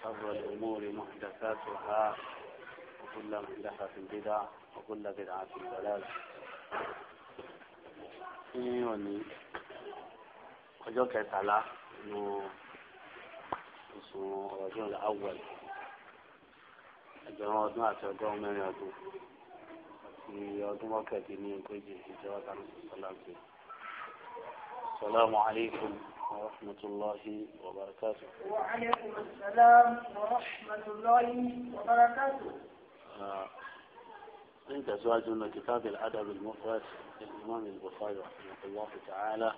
وشر الأمور محدثاتها وكل محدثة بدعة وكل بدعة ضلال ní ọjọ́ kẹtàlá nù oṣù ọjọ́ awọ́l ẹgbẹ̀rún ọdún àti ọgọ́rùn mẹ́rin ọdún àti ọdún mọ́kẹ̀dínlógójì ìjọba tàbí sọlá gbé. Assalamu alaikum. ورحمة الله وبركاته وعليكم السلام ورحمة الله وبركاته آه. عند أزواج من كتاب الأدب المفرد للإمام البخاري رحمه الله تعالى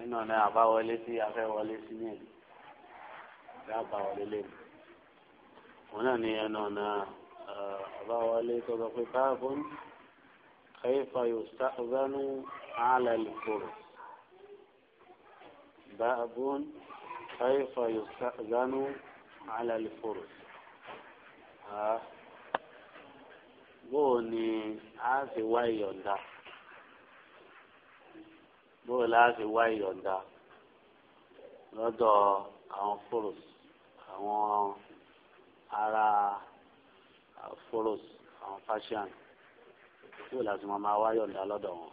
إنه أنا أبا والدي أخي وليتي مين أبا وليتي هنا أنا آه، أبا والدي كتاب كيف يستأذن على الفرس باب كيف يستأذن على الفرس bóò ni a ṣe wá ìyọ̀ǹda bóò la ṣe wá ìyọ̀ǹda lọ́dọ̀ àwọn fòròs àwọn ará fòròs àwọn fashion bóò la ṣe máa wá ìyọ̀ǹda lọ́dọ̀ wọn.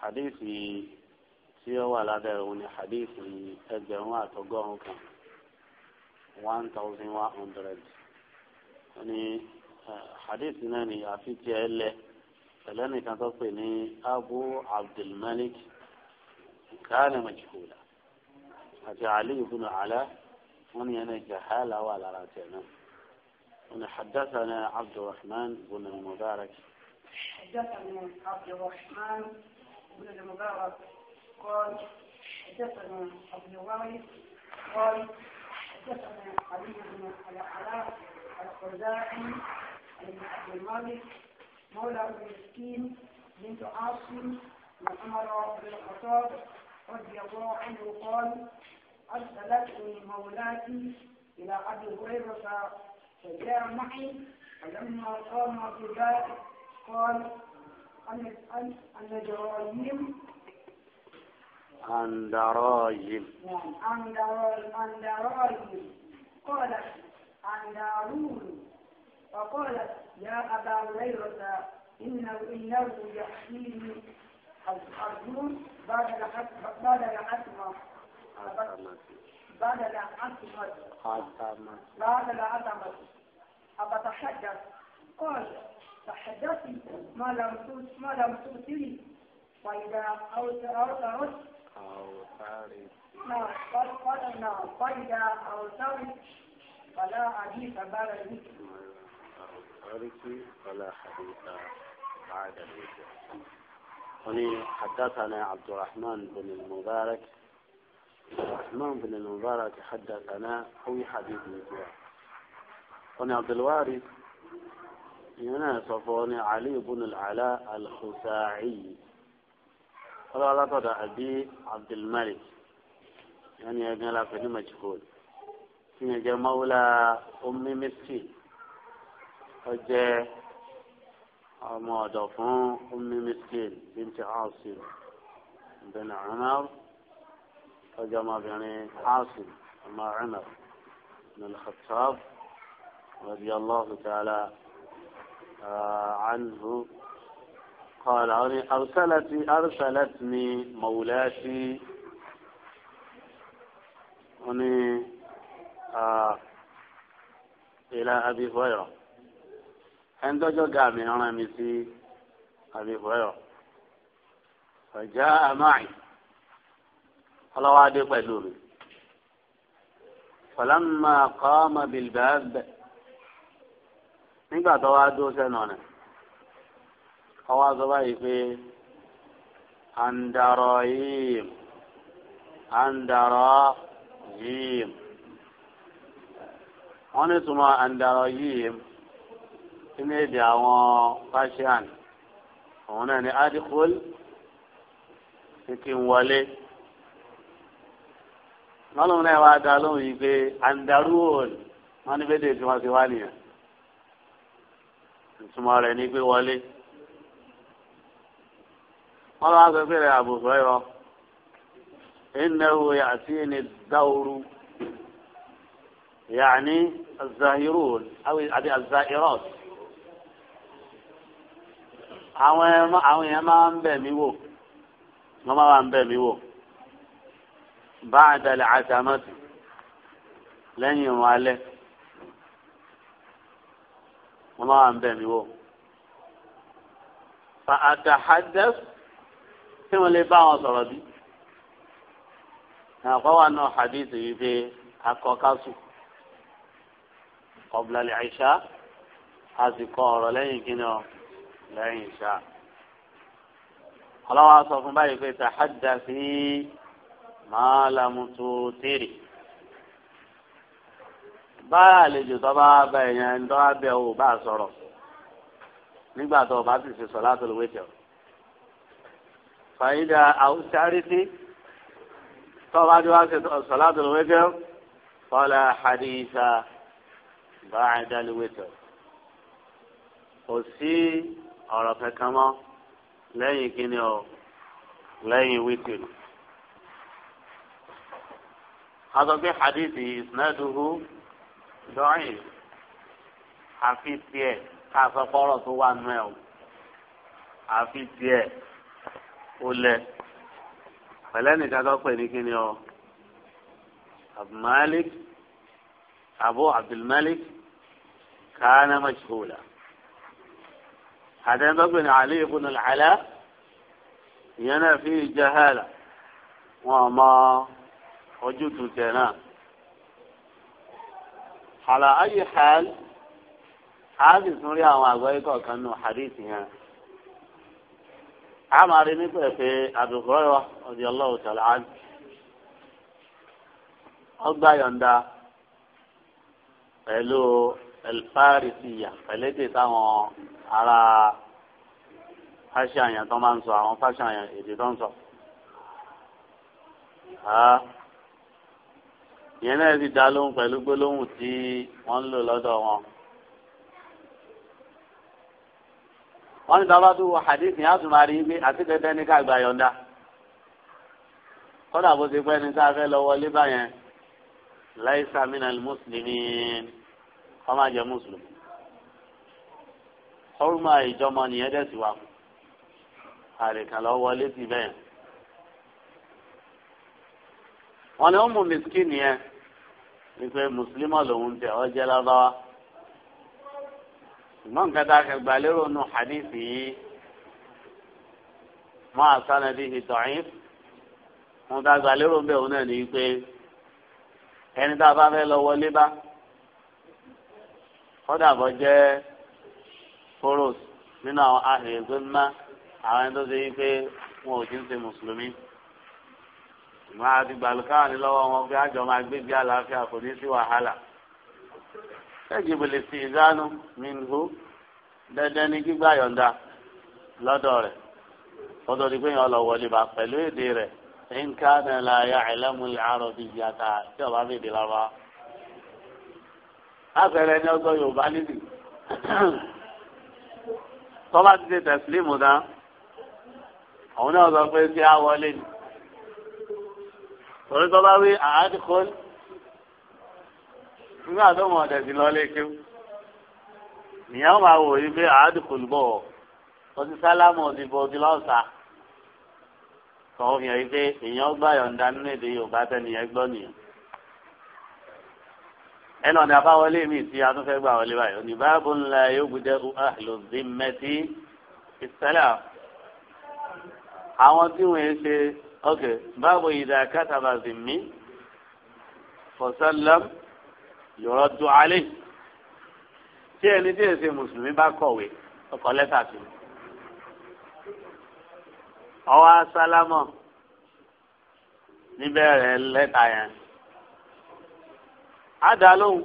حديثي tí ó wà lábẹ́ òun ni hadith ẹgbẹ̀rún àtọgọ́rùn kan one thousand one hundred ni hadith náà ni àfi tí ẹ lẹ pẹ̀lẹ́ nìkan tó pè ní abu abdulmalik kánà majhula àti ali ibn ala wọn ni ẹni jahala wà lára tẹ̀ náà wọn ni haddathana abdulrahman ibn mubarak. حدثني عبد الرحمن بن المبارك قال حدثنا ابن وائل قال حدثنا علي بن العلاء الخزاعي عن عبد الملك مولى بن مسكين بنت عاصم بن عمر بن الخطاب رضي الله عنه قال ارسلتني مولاتي الى ابي هريره فجاء معي فلما قام بذلك قال ان ان جرايم عن دراهم نعم عند دراهم قالت عند دارون فقالت يا أبا هريرة إنه إنه يحكيني الأرجون بعد العتمة بعد العتمة بعد العتمة بعد العتمة أبتحدث قال تحدثي ما لم ما لم تؤتي فإذا أردت أوت أو ثالث نعم قد نعم قيد أو ثالث فلا حديث بعد الذكر أو ثالث فلا حديث بعد الذكر هنا حدثنا عبد الرحمن بن المبارك عبد الرحمن بن المبارك حدثنا هو حديث مثله هنا عبد الوارث يناسب هنا علي بن العلاء الخزاعي قال الله طول أبي عبد الملك يعني يقول لك أنه مجهول سنجا مولى أم مسكين فجاء أما دفن أم مسكين بنت عاصم بن عمر فجاء ما بين عاصم أما عمر بن الخطاب رضي الله تعالى عنه قال أرسلت أرسلتني مولاتي أني آه إلى أبي هريرة عند جوجا من أنا مسي أبي هريرة فجاء معي الله وعد يقبلوني فلما قام بالباب nígbà tó wá dó ọwọ́ àzọ báyìí pé àǹdàrọ̀ yìí àǹdàrọ̀ yìí wọ́n ní túmọ̀ àǹdàrọ̀ yìí nínú èdè àwọn Persian òun náà ni adikul ní kí n wọlé lọ́lọ́run náà wàá dá lóhùn yìí pé àǹdàrúwòn wọ́n ní bẹ́ẹ̀ dé tí wọ́n ti wá nìyẹn ìtumọ̀ rẹ̀ ní pé wọlé. wọn bá sọ pé rẹ àbùsọ ẹrọ ìnáwó yàtí ni dáwúrú yàní azahirun àbí azahirot àwọn àwọn èèyàn máa ń bẹ̀ mí wò wọ́n máa ń bẹ̀ tí wọ́n lè bá wọn sọ̀rọ̀ bí. àkọ́wà náà hadith yìí pé akọ́kásù ọ̀bùlàlẹ̀ àìsà a sì kọ ọ̀rọ̀ lẹ́yìn kíni ọ lẹ́yìn ìṣá. ọlọ́wọ́ sọ fún báyìí pé tàhádà sí máa lamutu tèrè báyà àlejò tó bá bá ẹ̀yàn ẹni tó bá bá sọ̀rọ̀ nígbà tó o bá sì ṣe sọ láti lè wé tẹ̀ ọ́ fàyídà àwùsárìtì tọ́ba tí wàá ṣe sọ̀láàtò lọ́wọ́dẹ́ fọlá hadìsá báàdàlúwẹ̀tọ̀ kò sí ọ̀rọ̀ kankan mọ́ lẹ́yìn kíni o lẹ́yìn wítìrì. azọ́gbé hadithi isnaduhu dọ́yìn àfi tiẹ̀ ká sọ tó wà nù ẹ̀ o àfi tiẹ̀. olè lẹ pẹ̀lẹ́ nìkan tó pè ní kíni ọ abdulmalik abu abdulmalik kánà mashhula àtẹnudọ́ tó pè ní ali ibùn al-ala ìyẹn náà fi jahala wọn ma ojú tẹ náà. على أي حال هذه سوريا وأقوى كأنه حديث يعني a máa rí nípa ẹ̀fẹ́ àbíkúrọ́yọ̀ ọ̀dì ọlọ́wọ́ tẹ̀lé án ọgbà yọ̀ǹda pẹ̀lú ẹ̀lfáàrìsìyà pẹ̀lẹ́dẹ̀ táwọn ará fáṣíàyàn tó máa ń sọ àwọn fáṣíàyàn èdè tó ń sọ. ìyẹn náà ti dá lóhùn pẹ̀lú gbólóhùn tí wọ́n ń lò lọ́dọ̀ wọn. wọ́n ní bàbá tó wọ hadith yẹn á tún máa rí i pé àti dandan ní ká gba yọ̀ǹda kọ́dà bó ti pẹ́ ní tá a fẹ́ lọ wọlé báyẹn laisa minal muslimin wọ́n máa jẹ mùsùlùmí ọrùmọ̀ ìjọmọ nìyẹn dẹ̀ wa àrèkàn lọ wọlé bẹ́ẹ̀ wọ́n ní ó mú miskin yẹn wípé mùsùlùmọ̀ lòun tẹ̀ ọ́ jẹ́ lábáwá ṣùgbọ́n nǹkan tá a kẹ gbà lérò nù hadith yìí mọ́ àṣánà bíi ìtọ̀yìn mo ta gbà lérò ń bẹ̀ òun náà ní pé ẹni tá a bá fẹ́ lọ wọlé bá kọ́dà bọ́ jẹ́ foros nínú àwọn ahìrìgbẹ́má àwọn ẹni tó ṣe pé wọn ò kí ń ṣe mùsùlùmí ìmọ̀ àti gbàlùkáwà ní lọ́wọ́ wọn pé àjọ máa gbégbé àlàáfíà kò ní sí wàhálà yajibu al-istizanu minhu dandan ní gbígbà yọ̀ǹda lọ́dọ̀ rẹ̀ ọdọ̀ ni pé yẹn lọ wọlé bá pẹ̀lú èdè rẹ̀ nǹkan náà la ya'lamu al-arabiyyata tí ọba mi dì lọ́wọ́. àpẹẹrẹ ni ọgbọ́n yorùbá nídìí tọ́lá ti ṣe tẹ̀sílímù dán òun náà sọ pé ṣé á wọlé ni. torí tọ́lá wí àádìkọ́ni nígbà tó mọ̀ ọ̀dẹ̀ sí lọ́lé kéw ìyàwó máa wò yí pé àádùkù lùbọ̀ ọtí sálámù ọtí bọ̀ ọtí lọ́sà kọ́ fi hàn yí pé èèyàn gbà yọ̀ǹda nínú èdè Yorùbá tẹ́niyẹn gbọ́ nìyẹn ẹnu ọ̀nà àbáwọlé mi ti atúnfẹ́ gbà wọlé báyìí òní báàbò ńlá yóò gbúdẹ́ ahlu zimmati ìsẹ́lẹ̀ àwọn tí wọ́n ṣe ok báàbò ìdá kátàbà zimmi fọ̀sálàmù yọ̀rọ̀ dùn alẹ́ tí ẹni tí èsì mùsùlùmí bá kọ̀wé ọkọ̀ lẹ́tà sí i ọwọ́ asálámọ̀ níbẹ̀rẹ̀ lẹ́tà yẹn á dá lóhùn.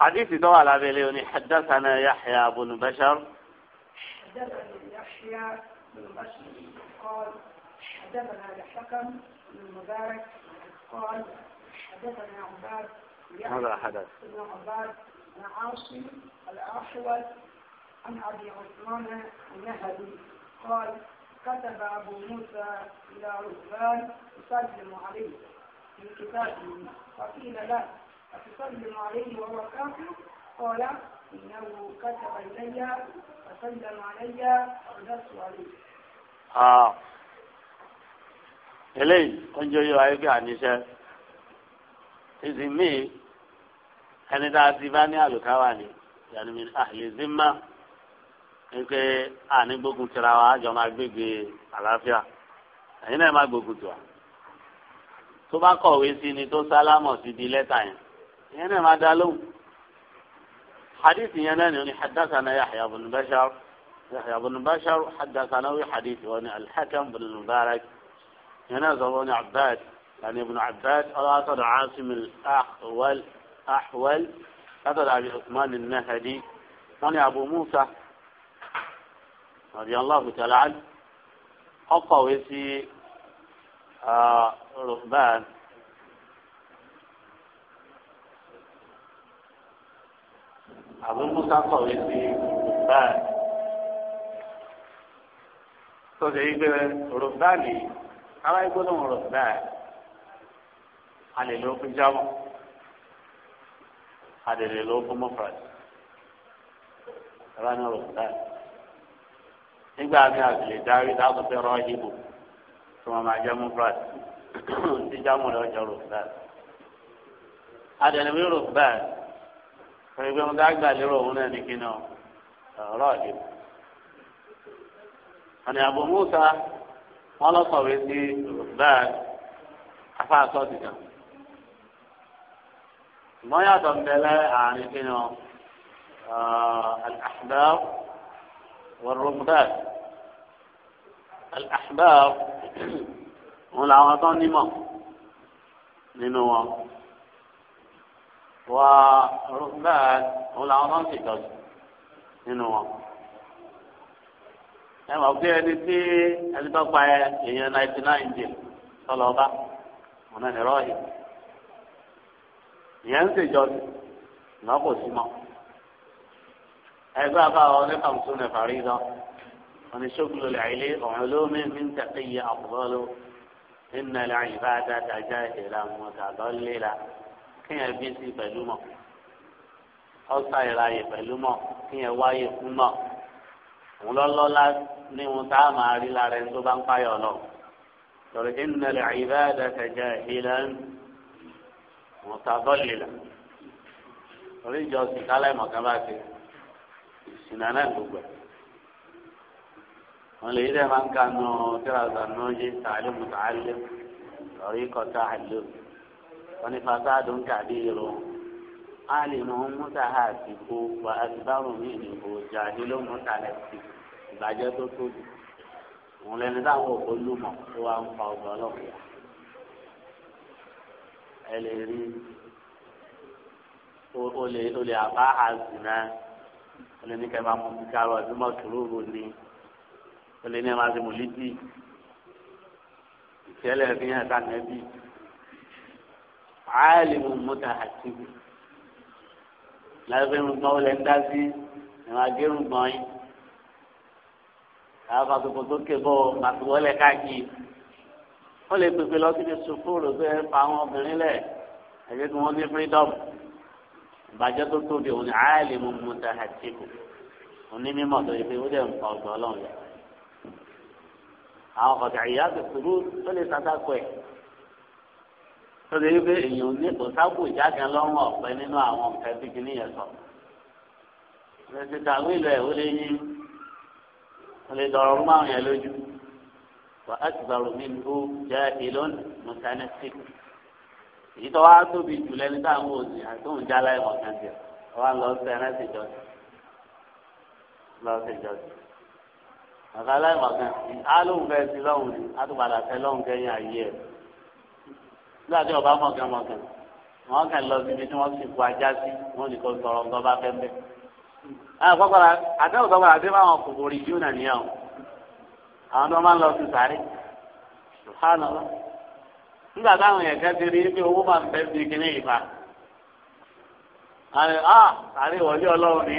حديث دوا على بليوني حدثنا يحيى بن بشر حدثنا يحيى بن بشر قال حدثنا الحكم بن مبارك قال حدثنا عباد هذا حدث ابن عباد بن عاصم الأحول عن أبي عثمان النهدي قال كتب أبو موسى إلى رهبان يسلم عليه في كتابه فقيل له أتسلم عليه وهو كافر قال إنه كتب إلي فسلم علي فرددت عليه. آه eléyìí ọjọ́ yóò ayé bí àníṣe ìsìnmí ẹni tá a ti bá ní àlùkáwà ni yàrá àhìlè zimá wípé àní gbógun tira wa àjọ máa gbégbé àlàáfíà ẹ̀yin náà má gbógun tù wá tó bá kọ̀wé sí ni tó sálámọ̀ sí di lẹ́tà yẹn ìyẹn náà máa dá lóhùn hadith yẹn náà ni wọn ni hadathana yahya bin bashar yahya bin bashar hadathana wi hadith wọn ni alḥakam bin mubarak. هنا ابن عباد يعني ابن عباد أراد عاصم الأحول أحول هذا أبي عثمان النهدي كان يعني أبو موسى رضي الله تعالى عنه أقوى ويسي آه، رهبان أبو موسى أقوى ويسي رهبان تدعي إيه؟ برهباني àwọn ìgbóhùn rò bẹ́ẹ̀ a lè lo fún jámọ́ a lè lè lo fún mọ́fàdì ìrànà rò bẹ́ẹ̀ nígbà mi a lè darí dáàbò fẹ́ rọ ìbò tí wọ́n máa jẹ́ mọ́fàdì tí jámọ́ lọ jẹ́ rò bẹ́ẹ̀ a lè lè rò bẹ́ẹ̀ dágbà lérò òun náà ní kí náà ọ̀rọ̀ ìbò. àná Abu Musa wọn lọ sọ̀rọ̀ etí bẹ́ẹ̀ afáàsọ dìgbà ṣùgbọ́n yàtọ̀ ń bẹlẹ àárín kí ni ọ uh, al-ahbab wal-ruhban wọn làwọn tó nímọ̀ nínú wọn wà ruhban wọn làwọn tó ń ṣètọ́jú nínú wọn ẹ mọ̀ pé ẹni tí ẹni tó pa èèyàn náìtì náìn jẹ sọlọ bá wọn náà nìrọ̀ yìí ìyẹn ń ṣèjọ sí ìnáwó kò sí mọ́ ẹgbẹ́ àbáwọ̀ nípa mùsùlùmí fàrí lọ wọn ni ṣókùlù làílé ọ̀hún olómi mi ń tẹ̀síyẹ àkùbọ́lù nínú ẹ̀là ìbáadá dájá ìlànà mọ̀tàbọ̀ léla kéèyàn bí sí pẹ̀lú mọ̀ ọ̀sà ìlàyè pẹ̀lú mọ̀ kéèyàn wáyé fún mọ̀ òun lọ́lọ́lá ní wọn tá a máa rí lára ẹni tó bá ń payọ̀ lọ. sọ̀rọ̀ innal ibadata jahilan mutadallila. orí ìjọsìn kálẹ̀ mọ̀kàn bá ti ìsìnà náà gbogbo ẹ̀. wọn lè yí dẹ́ máa ń kanu tíraza náà yé tààlé mùtàálé ọ̀rí kọ́tà àlè wọn ní fasádùn kàbí irun alimu mutahasibu wa asibaru mini o jahilu mutalasi ìbàjẹ́ tó tóbi òun lẹni táwọn olùmọ̀ tó wà ń pa ọgbà ọlọ́pàá ẹ lè rí olè olè àbá àzìnà olè ní kẹfà mọ kíkárọ ọdún mọtòrúurú ni olè ní ẹ máa ti mú lídì ìṣẹ̀lẹ̀ fi hàn sànẹbí alimu mutahasibu lábẹ́ irùngbọ̀n ó lẹ̀ ń dá sí ìrìn àjò irùngbọ̀n yín àwọn àtòkò tó ké bọ́ màtòwọ́lẹ̀ káàkiri wọ́n lè pèpè lọ síbi sùkúrù pé fa àwọn obìnrin lẹ̀ ẹ̀jẹ̀ tí wọ́n ní freedom ìbàjẹ́ tó tóbi òun ni àìlè mú mu ta àtìkù onímọ̀ tó yẹ pé ó dẹ̀ ń fa ọgbọ́n ọlọ́run yẹn àwọn ọ̀gá ìyá tó sùúrù tó lè tàtàkọ ẹ̀ lọ́dọ̀ yìí pé èèyàn ní kò sábò jáde lọ́rùn ọ̀pẹ nínú àwọn nǹkan tí kìíní yẹn sọ. Ìrẹsì tàwé ìlú ẹ̀ ó lé yín ó lè dọ̀rọ̀ ọ̀rùn márùn yẹn lójú. Wà á ti gbàrò mí ló jẹ́ ìlón mùsánẹ́sì. Èyí tó wá tóbi jù lẹ́ni táwọn òsì àtúntò já láì mọ̀ kan jẹ. Wọ́n lọ sí ẹrẹ́sì jọ́sìn. Lọ sí jọ́sìn. Bàbá láì mọ̀ kan, àlóhùn fẹ́ sí lọ́hùn ni, á láti ọba mọ̀gàmọ̀gàn wọn kàn lọ síbi tí wọn sì kú ajá sí wọn nìkan sọ̀rọ̀ nǹkan bá fẹ́ bẹ́ẹ̀. àkọ́kọ́ra ah, àtẹ́wò sọ́kọ́ra àti báwọn kòkòrò ìjú nà níyà o àwọn tó máa ń lọ sí sáré ṣùgbọ́n nígbà táwọn yẹn kẹ́ ti rí pé owó máa ń bẹ́ bí kíní ìfà. àrẹ à ah, sáré ìwọlé ọlọ́run ní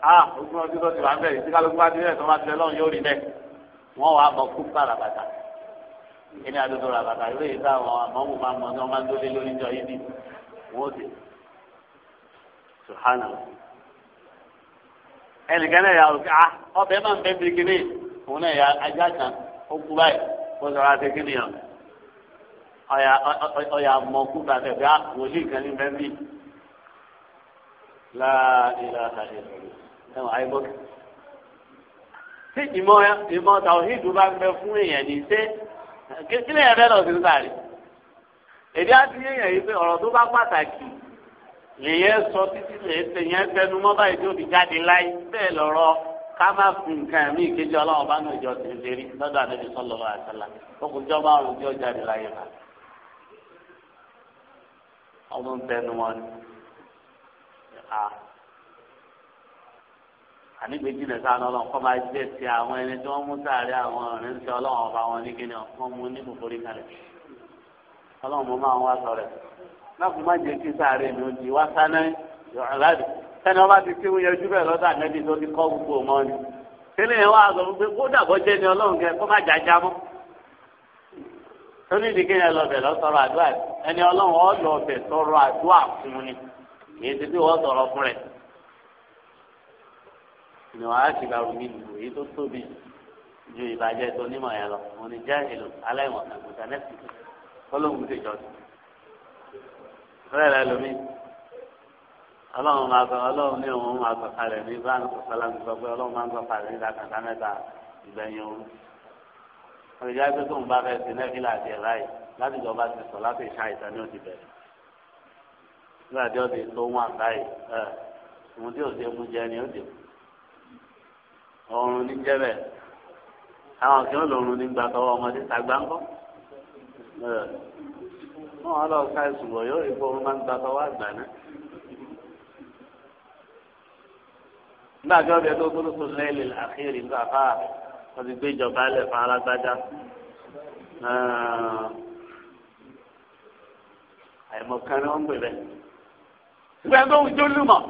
à ah, ogún ọdún tó ti wà ń bẹ̀rẹ̀ tí bá ti rẹ̀ tó bá ti rẹ̀ lọ́run yóò rí bẹ́ẹ̀ wọ́n wàá mọ kú pàràbàtà kíní àdúgbò rà bàtà ìwé yìí táwọn àmọ́mù máa ń mọ ní wọ́n máa ń dólé lórí jọ yìí bì wọ́n ti sùhánà. ẹnìkan náà yà ó kí ah ọbẹ̀ máa ń bẹ́ bí kíní òun náà yà ajá kan ó kú báyìí wọ́n sọ̀rọ̀ àti ah, kíní yàn ọ̀yà mọ̀ kú bàtà bí ah, wòlíì kan ní bẹ́ẹ̀ bì láàdìlà àdìlà ẹ̀wọ̀n àyíbọ̀kì. tí ìmọ̀ ìmọ̀ tàwọn kílẹ̀ yẹn bẹ́ẹ̀ lọ sí sáré èdè àti yẹn yìí pé ọ̀rọ̀ tó bá pàtàkì lèyẹn sọ títí lè ṣe yẹn tẹnu mọ́ báyìí tó fi jáde láyé bẹ́ẹ̀ ká má fi nǹkan ìkejì ọlọ́run bá ìjọ lérí lọ́dọ̀ àdébí sọ́lọ́ àtàlà jáde láyé bá tẹnu wọn ni. ànígbèjì lè sá lọ́lọ́ kọ́ máa jẹ́ ti àwọn ẹni tí wọ́n mú sáré àwọn ọ̀rẹ́ ń ṣe ọlọ́run ọba wọn ní kíni wọ́n mú ní kòkòrò kalẹ̀ ọlọ́run mo máa ń wá sọ rẹ̀ láàbù má jẹ́ kí sáré mi ò di wá sáná yọ̀ọ̀láàdì sẹ́ni ọba ti kí wúyẹ ojú bẹ́ẹ̀ lọ́dọ̀ ànẹ́bí tó ti kọ́ gbogbo ọmọ ni tẹ́lẹ̀ yẹn wá sọ pé kó dàbọ̀ jẹ́ ni ọlọ́run kẹ kó má jàjà ni wàá ti bá rumi lù èyí tó tóbi ju ìbàjẹ́ tó nímọ̀ yẹn lọ mo ní jẹ́ èlò aláìmọ̀ àgùntà nẹ́sì ọlọ́run ti jọ sí. rẹ́rẹ́ lomi ọlọ́run máa sọ ọlọ́run ní òun máa sọ kalẹ̀ ní bá ní sọ́kàlà ní sọ pé ọlọ́run máa ń sọ kalẹ̀ ní dàkàtà mẹ́ta ìgbẹ̀yìn òru. ọ̀rẹ́jà pé tóun bá fẹ́ ṣe nẹ́fìlà àti ẹ̀rá yìí láti ìjọba ti sọ láti ìṣá ìta ní òdì bẹ̀rẹ̀. nígbà tí ó ti tó wọn àtàyè ẹ̀ òun tí ò ọrùn ní jẹ́bẹ̀ àwọn kí wọ́n lòrùn nígbà tọwọ́ ọmọdé tàgbà ń bọ́ wọn á lọ ká ẹsùn bọ̀ yóò rí pé wọ́n máa ń gba tọwọ́ àgbà náà. nígbà tí wọ́n bẹ tó gbólóso lẹ́yìn àkíyèrè nígbà fà wọ́n ti gbé ìjọba ẹlẹ̀ fún alágbájá àìmọ̀kan ni wọ́n ń pè bẹ́ẹ̀. ìgbà tó ń jó lùmọ̀.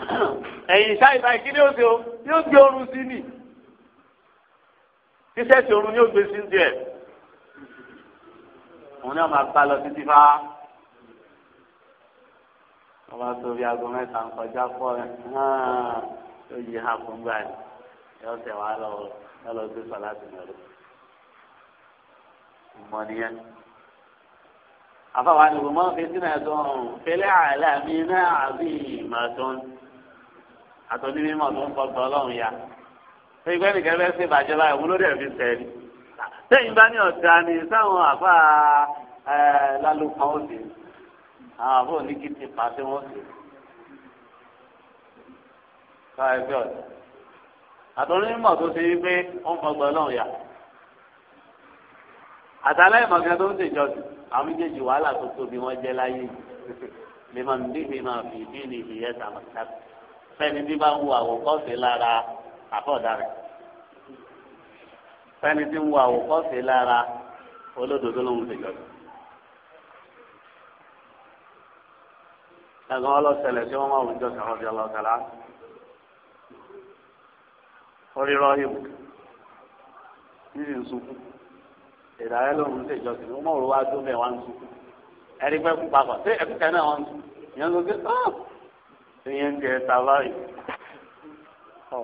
ẹ̀yìn iṣẹ́ ìta ìkíni yóò ṣe o yóò gbé oorun sí ni iṣẹ́ ti oorun yóò gbé sí díẹ̀ òun náà máa bá lọ títí fá wọ́n bá tó bí aago mẹ́ta ń kọjá pọ̀ rẹ̀ ó yí hapun gbà ní yóò tẹ̀ wá lọ lọ́lọ́ gbé sọ láti mẹ́rin mọ̀ nìyẹn àfàwọn àlùkò mọ́ fi sínú ẹ̀dùn fẹlẹ́ àlàmì náà àbí ìmọ̀ àtọ́ni mímọ́ tó ń kọ́tọ́ ọlọ́run ya ṣé ìgbẹ́ nìkan fẹ́ ṣe ìbàjẹ́ báyìí òun ló dẹ̀ fi sẹ́ ni sẹ́yìn bá ní ọ̀tá ni sáwọn àfa lálùpọ̀ ó sì àwọn àbọ̀ ní kìtì pa tí wọ́n sì ká ẹgbẹ́ ọ̀tá àtọ́ni mímọ́ tó ṣe wípé ó ń kọ́tọ́ ọlọ́run ya àtàlẹ́ ìmọ̀kẹ́ tó ń ṣèjọ́sìn àwọn méjèèjì wàhálà tó tóbi wọ́n jẹ́ láyé lè máa ń mi máa fi ìdí ni ìyẹn tàbí fẹ́ni bí bá ń wo àwòkọ́ṣe lára àfọ̀dárẹ̀ fẹ́ni tí ń wo àwòkọ́ṣe lára olódodo ló ń ṣe jọ̀dọ̀. ẹ̀gbọ́n ọlọ́sẹ̀lẹ̀ tí wọ́n máa wùjọ sọ̀rọ̀ bí ọlọ́sẹ̀lá orí rọ́ọ̀hìm níbi ìsúkú ìdàrẹ́ lòun ṣe ìjọsìn wọ́n mọ̀ wá tó bẹ̀ wá ń sùn ẹ̀rí pẹ́ kú papọ̀ ṣé ẹ̀kúkẹ́ ìyẹn ń jẹ tàbáyì ọ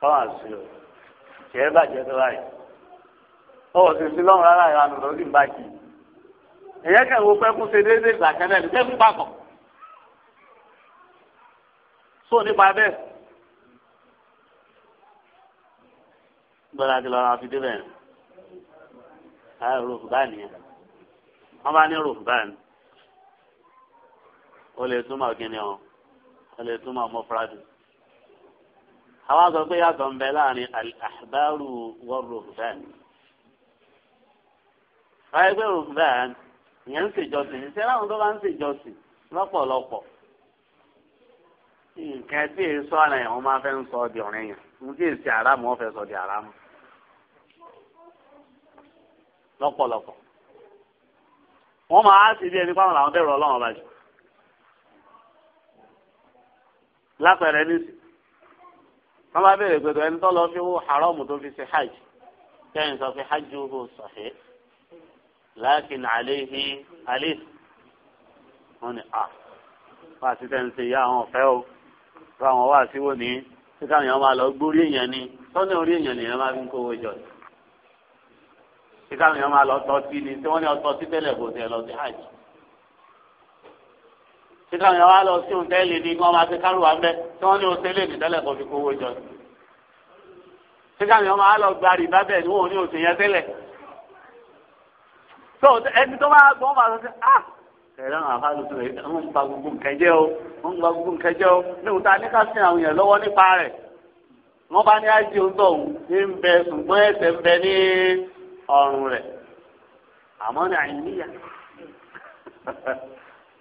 ọ àṣì o jẹ bàjẹ́ tó báyìí ọ sì sí lọ́rùn rárá ìranù lórí ìbàjì ìyẹn kàn wọ pẹ́kún ṣe déédéé ìgbà kan náà lùkẹ́kún tó nípa bẹ́ẹ̀ gbọ́dọ̀ àti lọ́rùn àfi débẹ̀ yẹn àyà rògbòbáàni yẹn bá ní rògbòbáàni o lè túmọ̀ kí ni o ẹlẹ́ tó máa mufrad. àwọn sọ pé yàtọ̀ ń bẹ láàrin al-ahbaru wal ruhban. báyìí pé ruhban ìyẹn ń ṣèjọsìn ìṣẹ́ láwọn tó bá ń ṣèjọsìn lọ́pọ̀lọpọ̀ nǹkan tí èyí sọ ara yẹn wọ́n máa fẹ́ ń sọ di ọ̀rẹ́ yẹn mo tí èsì àràmù wọ́n fẹ́ sọ di àràmù lọ́pọ̀lọpọ̀ wọ́n máa á sì bí ẹni pàmò làwọn bẹ̀rù ọlọ́run ọba jù. lápẹẹrẹ nísì wọn bá béèrè pé ẹni tó lọ fi wó haram tó fi ṣe hajj kẹyìn sọ fi hajj ó sahih lakin alayhi alif wọn ni a wọn àti tẹ̀ ń ṣe ìyá àwọn ọ̀fẹ́ o tó àwọn wá sí wò ní tí káwọn èèyàn máa lọ gbórí èèyàn ni tọ́ni orí èèyàn nìyẹn máa fi ń kówó jọ tí káwọn èèyàn máa lọ tọ́tí ni tí wọ́n ní ọtọ́ sí tẹ́lẹ̀ bò tẹ́ lọ sí hajj títí àwọn yàrá lọ sí òǹtẹ́ẹ̀lì ni wọ́n máa fi kárùwà ńbẹ tí wọ́n ní òṣèlè ní tẹ́lẹ̀ kò fi kówó jọ títí àwọn yàrá lọ gba rìbá bẹ́ẹ̀ ni wọ́n ní òṣè yẹn tẹ́lẹ̀ tó ẹni tó máa gbọ́n máa sọ sí ah ẹ̀rọ àwọn afáàlùsọ rẹ̀ ń gba gbogbo nkẹjẹ́ o ń gba gbogbo nkẹjẹ́ o níwọ̀n tá a ní ká sin àwọn yẹn lọ́wọ́ nípa rẹ̀ wọ́n bá ní ájí ọ̀tọ̀ ń bẹ ṣùgbọ́n ẹ̀sẹ̀ ń bẹ ní ọrùn rẹ̀ àmọ́ ní àyíníyà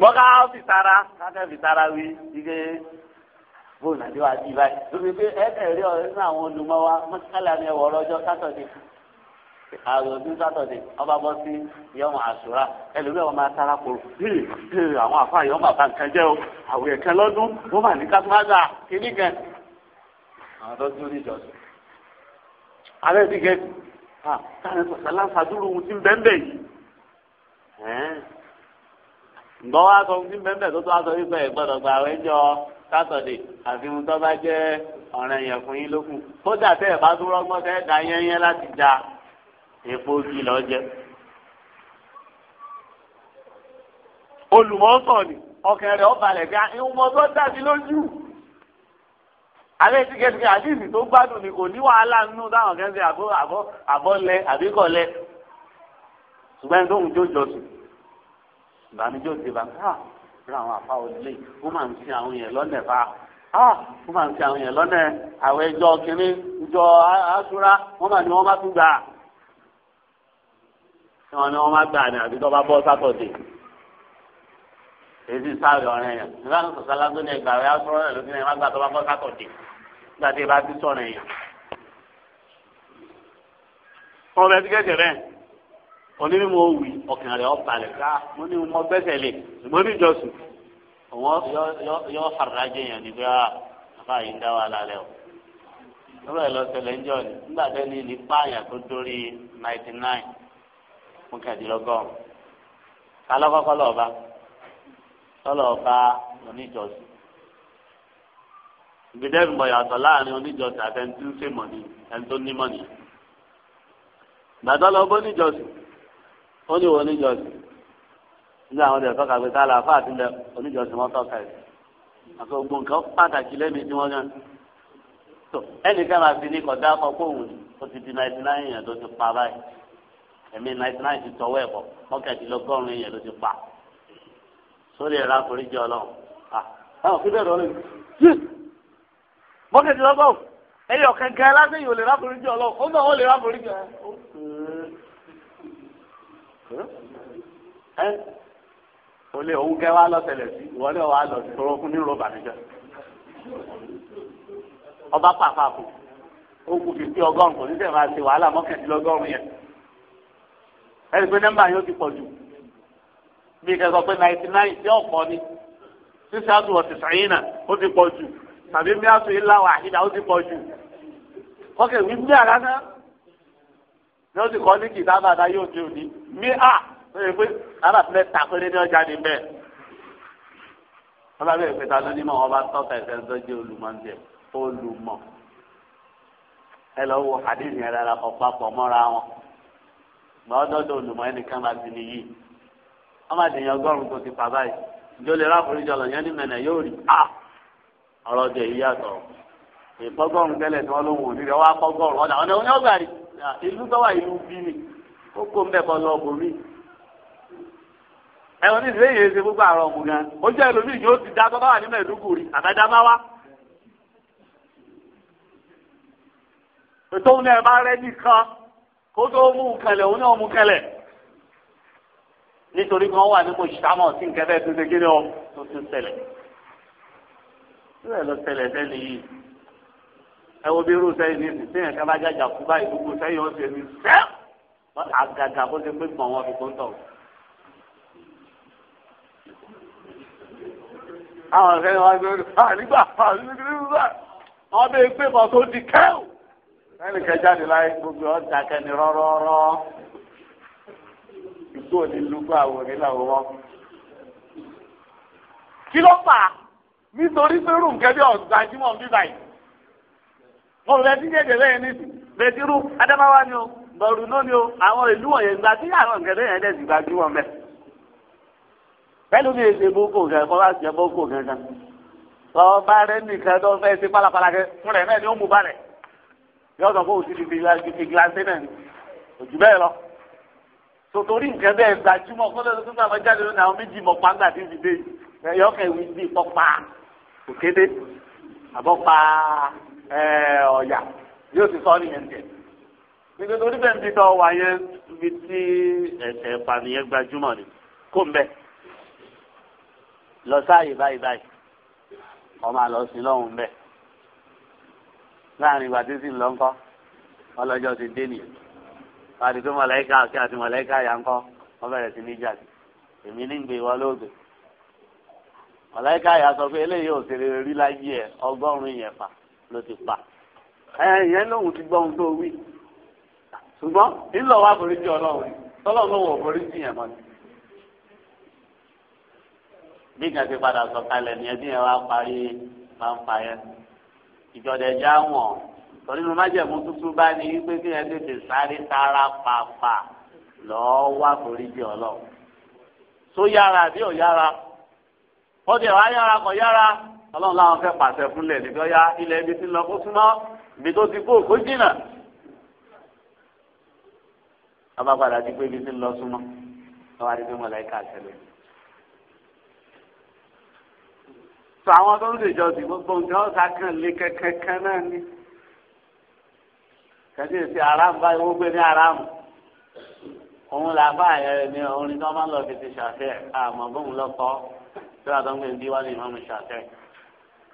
mọ́ká fi tara káfẹ́ fi tara wí ike bóun àti wà bí báyìí lórí pé ẹ̀ẹ́dẹ̀ rí ọ̀rẹ́ nínú àwọn olùmọ́wá mọ́sálà ni ẹ̀wọ̀ ọlọ́jọ́ sátọ̀dé àrùn ọdún sátọ̀dé ọba bọ́ sí yọmọ àṣùrà ẹlòmí ọmọ atara kò hìrì hìrì àwọn àfa yọmọ bàbá nǹkan jẹ́ o àwọn ẹ̀kẹ́ lọ́dún ó mà ní kásímágà kìíní gan. àwọn tó dúró níjọsìn. alẹ́ ti gẹ́ ká ká ní sọ̀sẹ̀ láǹfààdúró ohun tí ń bẹ́ẹ̀ bẹ́ẹ̀ yìí ǹgbọ́ wa sọ fún mẹ́mẹ́ tó tó wá sọ wípé ìgbọ́dọ̀ gba àwọn ẹjọ́ sátọ̀dẹ̀ àfi ohun tó bá jẹ́ ọ̀ràn yẹn fún yín lókun kódà tẹ́ ẹ̀ bá tún rọ́gbọ́n tẹ́ da yẹ́nyẹ́ láti da epo kí lọ jẹ. olùmọ̀ọ́sọ̀ ni ọkàn rẹ̀ ọba rẹ̀ bí ìwọ̀n tó dàbí lójú. alẹ́ tíkẹ́tíkẹ́ àdìsí tó gbádùn ni kò ní wàhálà nínú táwọn kẹ́sì àbọ̀lẹ̀ àbíkọ̀lẹ̀ ṣùgbọ́n tó ń jójọ sùn ìbànújẹ́ òde bá ká ah, ra àwọn àfa òdìlé ó máa ń fi àwọn yẹn lọ́nà bá ó ah, máa ń fi àwọn yẹn lọ́nà àwọn ẹjọ́ kínní ìjọ àṣúra wọ́n máa ní wọ́n má tún gbà tí wọ́n ní wọ́n má gbà ní àbí bá bọ́ sátọ̀dé èyí sáré ọ̀rẹ́ yẹn nígbà tó sọ̀sọ́ lágbóni ẹgbà rẹ̀ àṣúra rẹ̀ lókè náà má gbà tó bá bọ́ sátọ̀dé onímọ̀ mo wì ọkàn ká ah, mo ní mo gbẹ́sẹ̀ lè mo ní ìjọsìn òun yọ farajẹ yẹn ní bí bàbá yìí dá wà lálẹ́ o lọ́wọ́ ẹ̀ lọ ń jọ nígbà tẹ́ ní pààyàn tó dórí fún kẹ̀dínlọ́gọ́rùn oníjọsìn yàtọ̀ láàrin oníjọsìn àti ẹni tó ń ó ní ìwọ oníjọsìn àwọn ọdẹ tọ́ka pé sáà àfa àti ilẹ̀ oníjọsìn tọ́ka ẹ̀ àti gbogbo nǹkan pàtàkì lẹ́mìí tí wọ́n yàn tó ẹnìkan máa fi ní kọ̀dá ọkọ̀ òun ó ti di ninety nine yẹn tó ti pa báyìí ẹ̀mí ninety nine tọwọ́ ẹ̀ bọ̀ yẹn ló ti pa sórí ẹ̀rọ àforíjì ọlọ́run àwọn ẹ̀yọ̀ kẹ̀kẹ́ Hmm? ẹ o lè òun kẹ́ wá lọ́sẹ̀lẹ̀ sí ìwọ lè wá lọ sọ̀rọ̀ fún nírò bànújẹ́ ọba pàpàkù ó kù fìfí ọgọ́rùn-ún kò ní sẹ́ẹ̀ máa ṣe wàhálà mọ́kàndínlọ́gọ́rùn-ún yẹn ẹni pé nọ́mbà yóò ti pọ̀ jù bí kẹ́kọ̀ọ́ pé náìtì náì tí ọ̀pọ̀ ni sísè àtù ọ̀sẹ̀ sàyínà ó ti pọ̀ jù tàbí mí àtù ìlà ó ti pọ̀ jù kọ́kẹ́ wí bí àrá ni ó sì kọ́ ní kìtá bàtà yóò di òní mí à ó yẹ pé ara fẹ́ ta péré ní ọjà ni bẹ́ẹ̀. wọ́n bá bẹ̀rẹ̀ ló ní mọ̀ wọ́n tọ́ka ẹ̀sẹ̀ tó jẹ́ olùmọ̀ ẹ lọ wo àdéhùn yẹn rárá kọ papọ̀ mọ́ra wọn. gbọ́dọ̀dọ̀ olùmọ̀ ẹnìkan máa ti nìyí. wọ́n máa dèèyàn ọgọ́rùn-ún tó ti pa báyìí. ìjọlẹ̀ ráforíjọ lọ yẹn ní mẹ́nẹ̀ yóò rí à ọ̀rọ̀ ọjọ́ ìyàtọ̀ ìkọ́gọ́rùn-ún tẹ́lẹ̀ tí wọ́n lóhùn òní rẹ̀ wá kọ́gọ́rùn-ún ọ̀dà ọ̀nà òní ọ̀gbà rí ìlú tó wà ìlú bí ni ó kó ń bẹ̀ kọ́ lọ bòmí. ẹ̀wọ̀n ní ìdílé yìí ṣe gbogbo àrọ̀ ọ̀gùn gan ó jẹ́ ẹlòmíì yóò ti dá tọ́lá wà ní mẹ̀ẹ́dúgùrì àtàdámáwá. ètò òun náà bá rẹ́ nìkan kó tó mú un kẹlẹ̀ òun náà mú kẹlẹ̀ nítorí kan wà nípò ìṣàmọ̀ sí nkẹ́fẹ́ tó ṣe kí ni ọ tó ti ṣẹlẹ̀. ìrẹ̀ lọ ṣẹlẹ̀ sẹ́ni yìí ẹ wo bí irú sẹ́yìn ní ìsìn sẹ́yìn kan bá jàjà kú báyìí gbogbo sẹ́yìn ó ṣe ní sẹ́ẹ̀ wọ́n àgàgà bó ṣe pé gbọ̀n wọn fi tó ń tọ̀. àwọn ọ̀sẹ̀ wọn ṣe ní nígbà wọn bẹ gbé bọ̀ tó di kẹ́ù. ẹnì kẹjáde láyé gbogbo ọjà kẹni rọ́rọ́rọ́ ìgbó ni lùgbà àwòrán làwọn wọn. kí ló fà á nítorí pé rúǹkẹ́ bí ọ̀gbájúmọ̀ bíbáyìí wọn bẹ ti jẹjẹ bẹ́ẹ̀ ní bẹtiru adamawa ni o bọrù lóni o àwọn ìlú wọ̀nyẹn gba tí àwọn nǹkan bẹ́ẹ̀ yẹn dẹ̀ sì gbajú wọn bẹ. pẹ̀lú mi èsè boko gan kọ́ bá jẹ boko gan gan lọ́wọ́ bá rẹ nìkan tó fẹ́ ṣe pálapàla kẹ fún rẹ náà ni ó mú bá rẹ yọ sọ fún òsì ti gilasi náà ni òjì bẹ́ẹ̀ lọ tòtòrí nǹkan bẹ́ẹ̀ gbajúmọ̀ kọ́ lọ́dún tó ń bá wọn jáde lónìí àwọn méjì mọ̀ pàǹgà tí ti dé yọkẹ́ wí bí pọ́pá òkété àbọ̀pá Eh, ọ̀yà yóò ti sọ ọ́ nìyẹn tiẹ̀ nígbà tó níbẹ̀ ń bí tọ́ wáyé ibi tí ẹ̀sẹ̀ ìpànìyàn gbajúmọ̀ ni kó ń bẹ̀ lọ sáàyè báyìí báyìí ọmọ àlọ́ sí lọ́hùn bẹ́ẹ̀ láàrin ìgbà tí sì ń lọ ńkọ́ ọlọ́jọ́ ti dé nìyẹn wàá pé mọ̀lẹ́kà àti àti mọ̀lẹ́kà yà ńkọ́ wọ́n bẹ̀rẹ̀ sí ní jáde èmi ní gbé wọn lóògbé mọ̀lẹ́kà yà sọ pé eléyìí ò ló ti pa ẹ̀yẹ́ lòun ti gbọ́ ohun tó wí ṣùgbọ́n ńlọ wa foríjì ọlọ́run tọ́lọ́run ló wọ̀ foríjì yẹn mọ́ni. bí kan ti padà sọ kalẹ̀ nìyẹn bí yẹn wá parí pàǹpà yẹn ìjọdẹ̀já wọn torí mo má jẹ̀mú tútù bá ní pé kí yẹn tètè sáré tara pàpà lọ́ọ́ wá foríjì ọlọ́run. só yára àbí ò yára ó dẹ̀ wá yára kò yára ọlọ́run láwọn fẹ́ pàṣẹ fúnlẹ̀ nìkan ya ilẹ̀ ibi tí ń lọ kó súná ibi tó ti kó kó jìnnà ọba padà di pé ibi tí ń lọ súnmọ́ ọba di pé mọ̀láìkà ṣẹlẹ̀. sọ àwọn tó ń ṣèjọ sí gbogbo nǹkan ọ̀sà kan lé kankan náà ni kẹ́tí èsì aráàmù báyìí wọ́n gbé ní aráàmù òun là bá ẹ ní orin tó máa ń lọ fi ti ṣàfẹ́ àmọ́ bóun lọ́kọ́ tí wàá tó ń gbé ní díwájú ìmọ̀ mi ṣàfẹ́